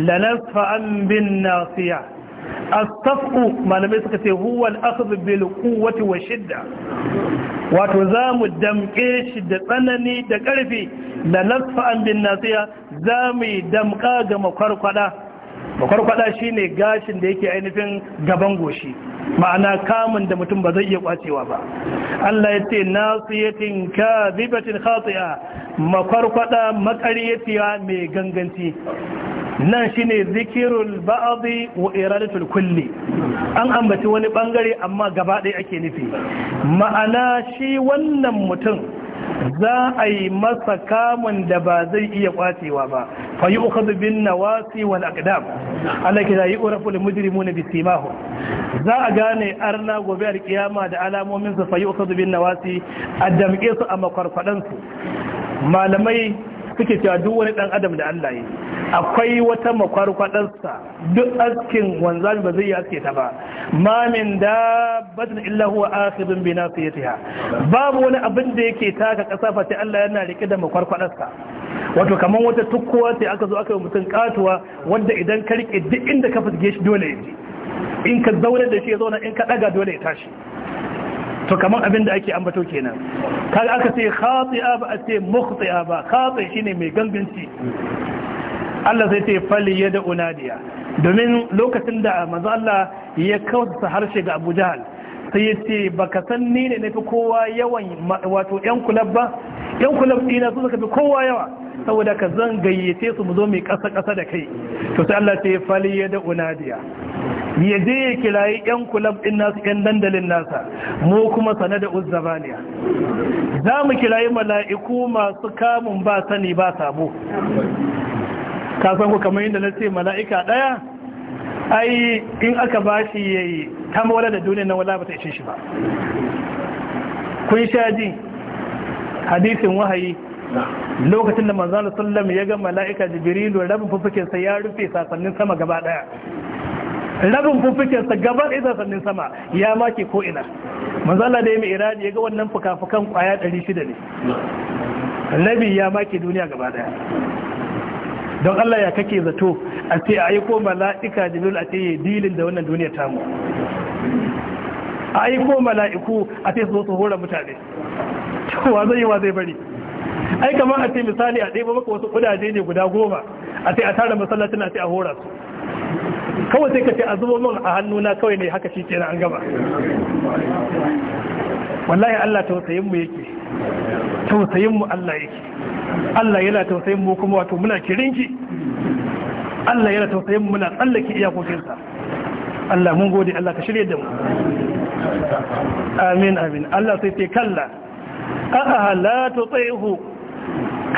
lanasfa an bin nasiya astafu malamai suka ce huwa al-akhdh bil quwwati wa shidda wato zamu damke shi da tsanani da karfi la lasfa an bin nasiya zamu damka ga makwarkwada makwarkwada shine gashin da yake ainihin gaban goshi ma'ana kamun da mutum ba zai iya kwacewa ba Allah ya ce nasiyatin kadhibatin khati'a makwarkwada makariyatiya mai ganganci nan shine zikirul ba'adi wa iradatul kulli an ambaci wani bangare amma gaba ɗaya ake nufi ma'ana shi wannan mutum za a yi masa kamun da ba zai iya kwacewa ba fa yi ukhadhu bin nawasi wal aqdam urafu da yu'rafu lil mujrimuna bi za a gane arna gobe kiyama da alamomin su fa yi ukhadhu bin nawasi addamke su a makwarfadan malamai suke cewa duk wani dan adam da Allah yi akwai wata makwarkwadarsa duk askin wanzami ba zai yi aske ta ba ma min dabbatin illa huwa akhidun bi nasiyatiha babu wani abin da yake taka kasa fa sai Allah yana rike da makwarkwadarsa wato kaman wata tukkuwa sai aka zo aka yi mutum katuwa wanda idan ka rike duk inda ka fitge shi dole in ka zaune da shi ya zauna in ka daga dole ya tashi to kamar abin da ake ambato kenan kaga aka ce khati'a ba a ce mukhti'a ba khati shine mai ganganci Allah sai ce fali ya da unadiya domin lokacin da manzo Allah ya kausa harshe ga Abu Jahal sai ya ce baka san ni ne fi kowa yawan wato yan kulab ba yan kulab dina su suka fi kowa yawa saboda ka zan gayyace su mu zo mai kasa kasa da kai to sai Allah sai fali ya da unadiya ya je ya kilayi yan kulab din nasu yan dandalin nasa mu kuma sana da uzzabaniya za mu kilayi mala'iku masu kamun ba sani ba sabo ka san ku kamar yadda na ce mala'ika ɗaya ai in aka ba shi ya yi ta mawala da duniya na wala ba ta ishe shi ba kun sha ji hadisin wahayi lokacin da manzan sallam ya ga mala'ika jibrilu rabin fufukinsa ya rufe sasannin sama gaba ɗaya rabin fufukinsa gaba ɗaya sasannin sama ya make ko'ina manzala da ya mai iradi ya ga wannan fuka-fukan ƙwaya 600 ne rabi ya make duniya gaba ɗaya don Allah ya kake zato a ce a yi koma mala'ika da a ce dilin da wannan duniyar mu. a yi koma mala'iku a ce su zo su mutane cewa zai yi wa zai bari ai kamar a ce misali a ɗaya maka wasu kudaje ne guda goma a ce a tara masallacin a ce a hura su kawai sai ka ce a zubo min a hannuna kawai ne haka shi kenan an gaba wallahi Allah tausayin mu yake tausayin mu Allah yake Allah yana tausayin mu kuma wato muna kirinki Allah yana tausayin mu muna tsallake iyakokinsa Allah mun gode Allah ka shirye da mu amin amin Allah sai ce kalla a'a la tuti'hu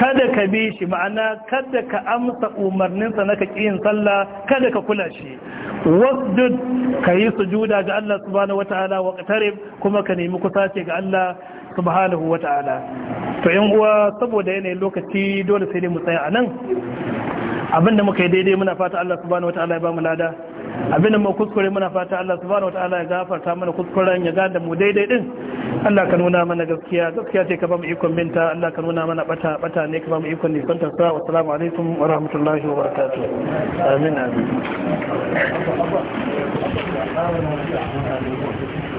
kada ka bi shi ma'ana kada ka amsa umarninsa na kaki yin sallah kada ka kula shi wasjud ka yi sujuda ga Allah subhanahu wataala wa qtarib kuma ka nemi kusace ga Allah subhanahu wa ta'ala to yan uwa saboda yanayin lokaci dole sai dai mu tsaya a nan abinda muka yi daidai muna fata Allah subhanahu wa ta'ala ya ba mu lada abinda muka kuskure muna fata Allah subhanahu ta'ala ya gafarta mana kuskuren ya gada mu daidai din Allah ka nuna mana gaskiya gaskiya ce ka ba mu ikon binta Allah ka nuna mana bata bata ne ka ba mu ikon ne, ta sa wa assalamu alaikum wa rahmatullahi wa barakatuh amin amin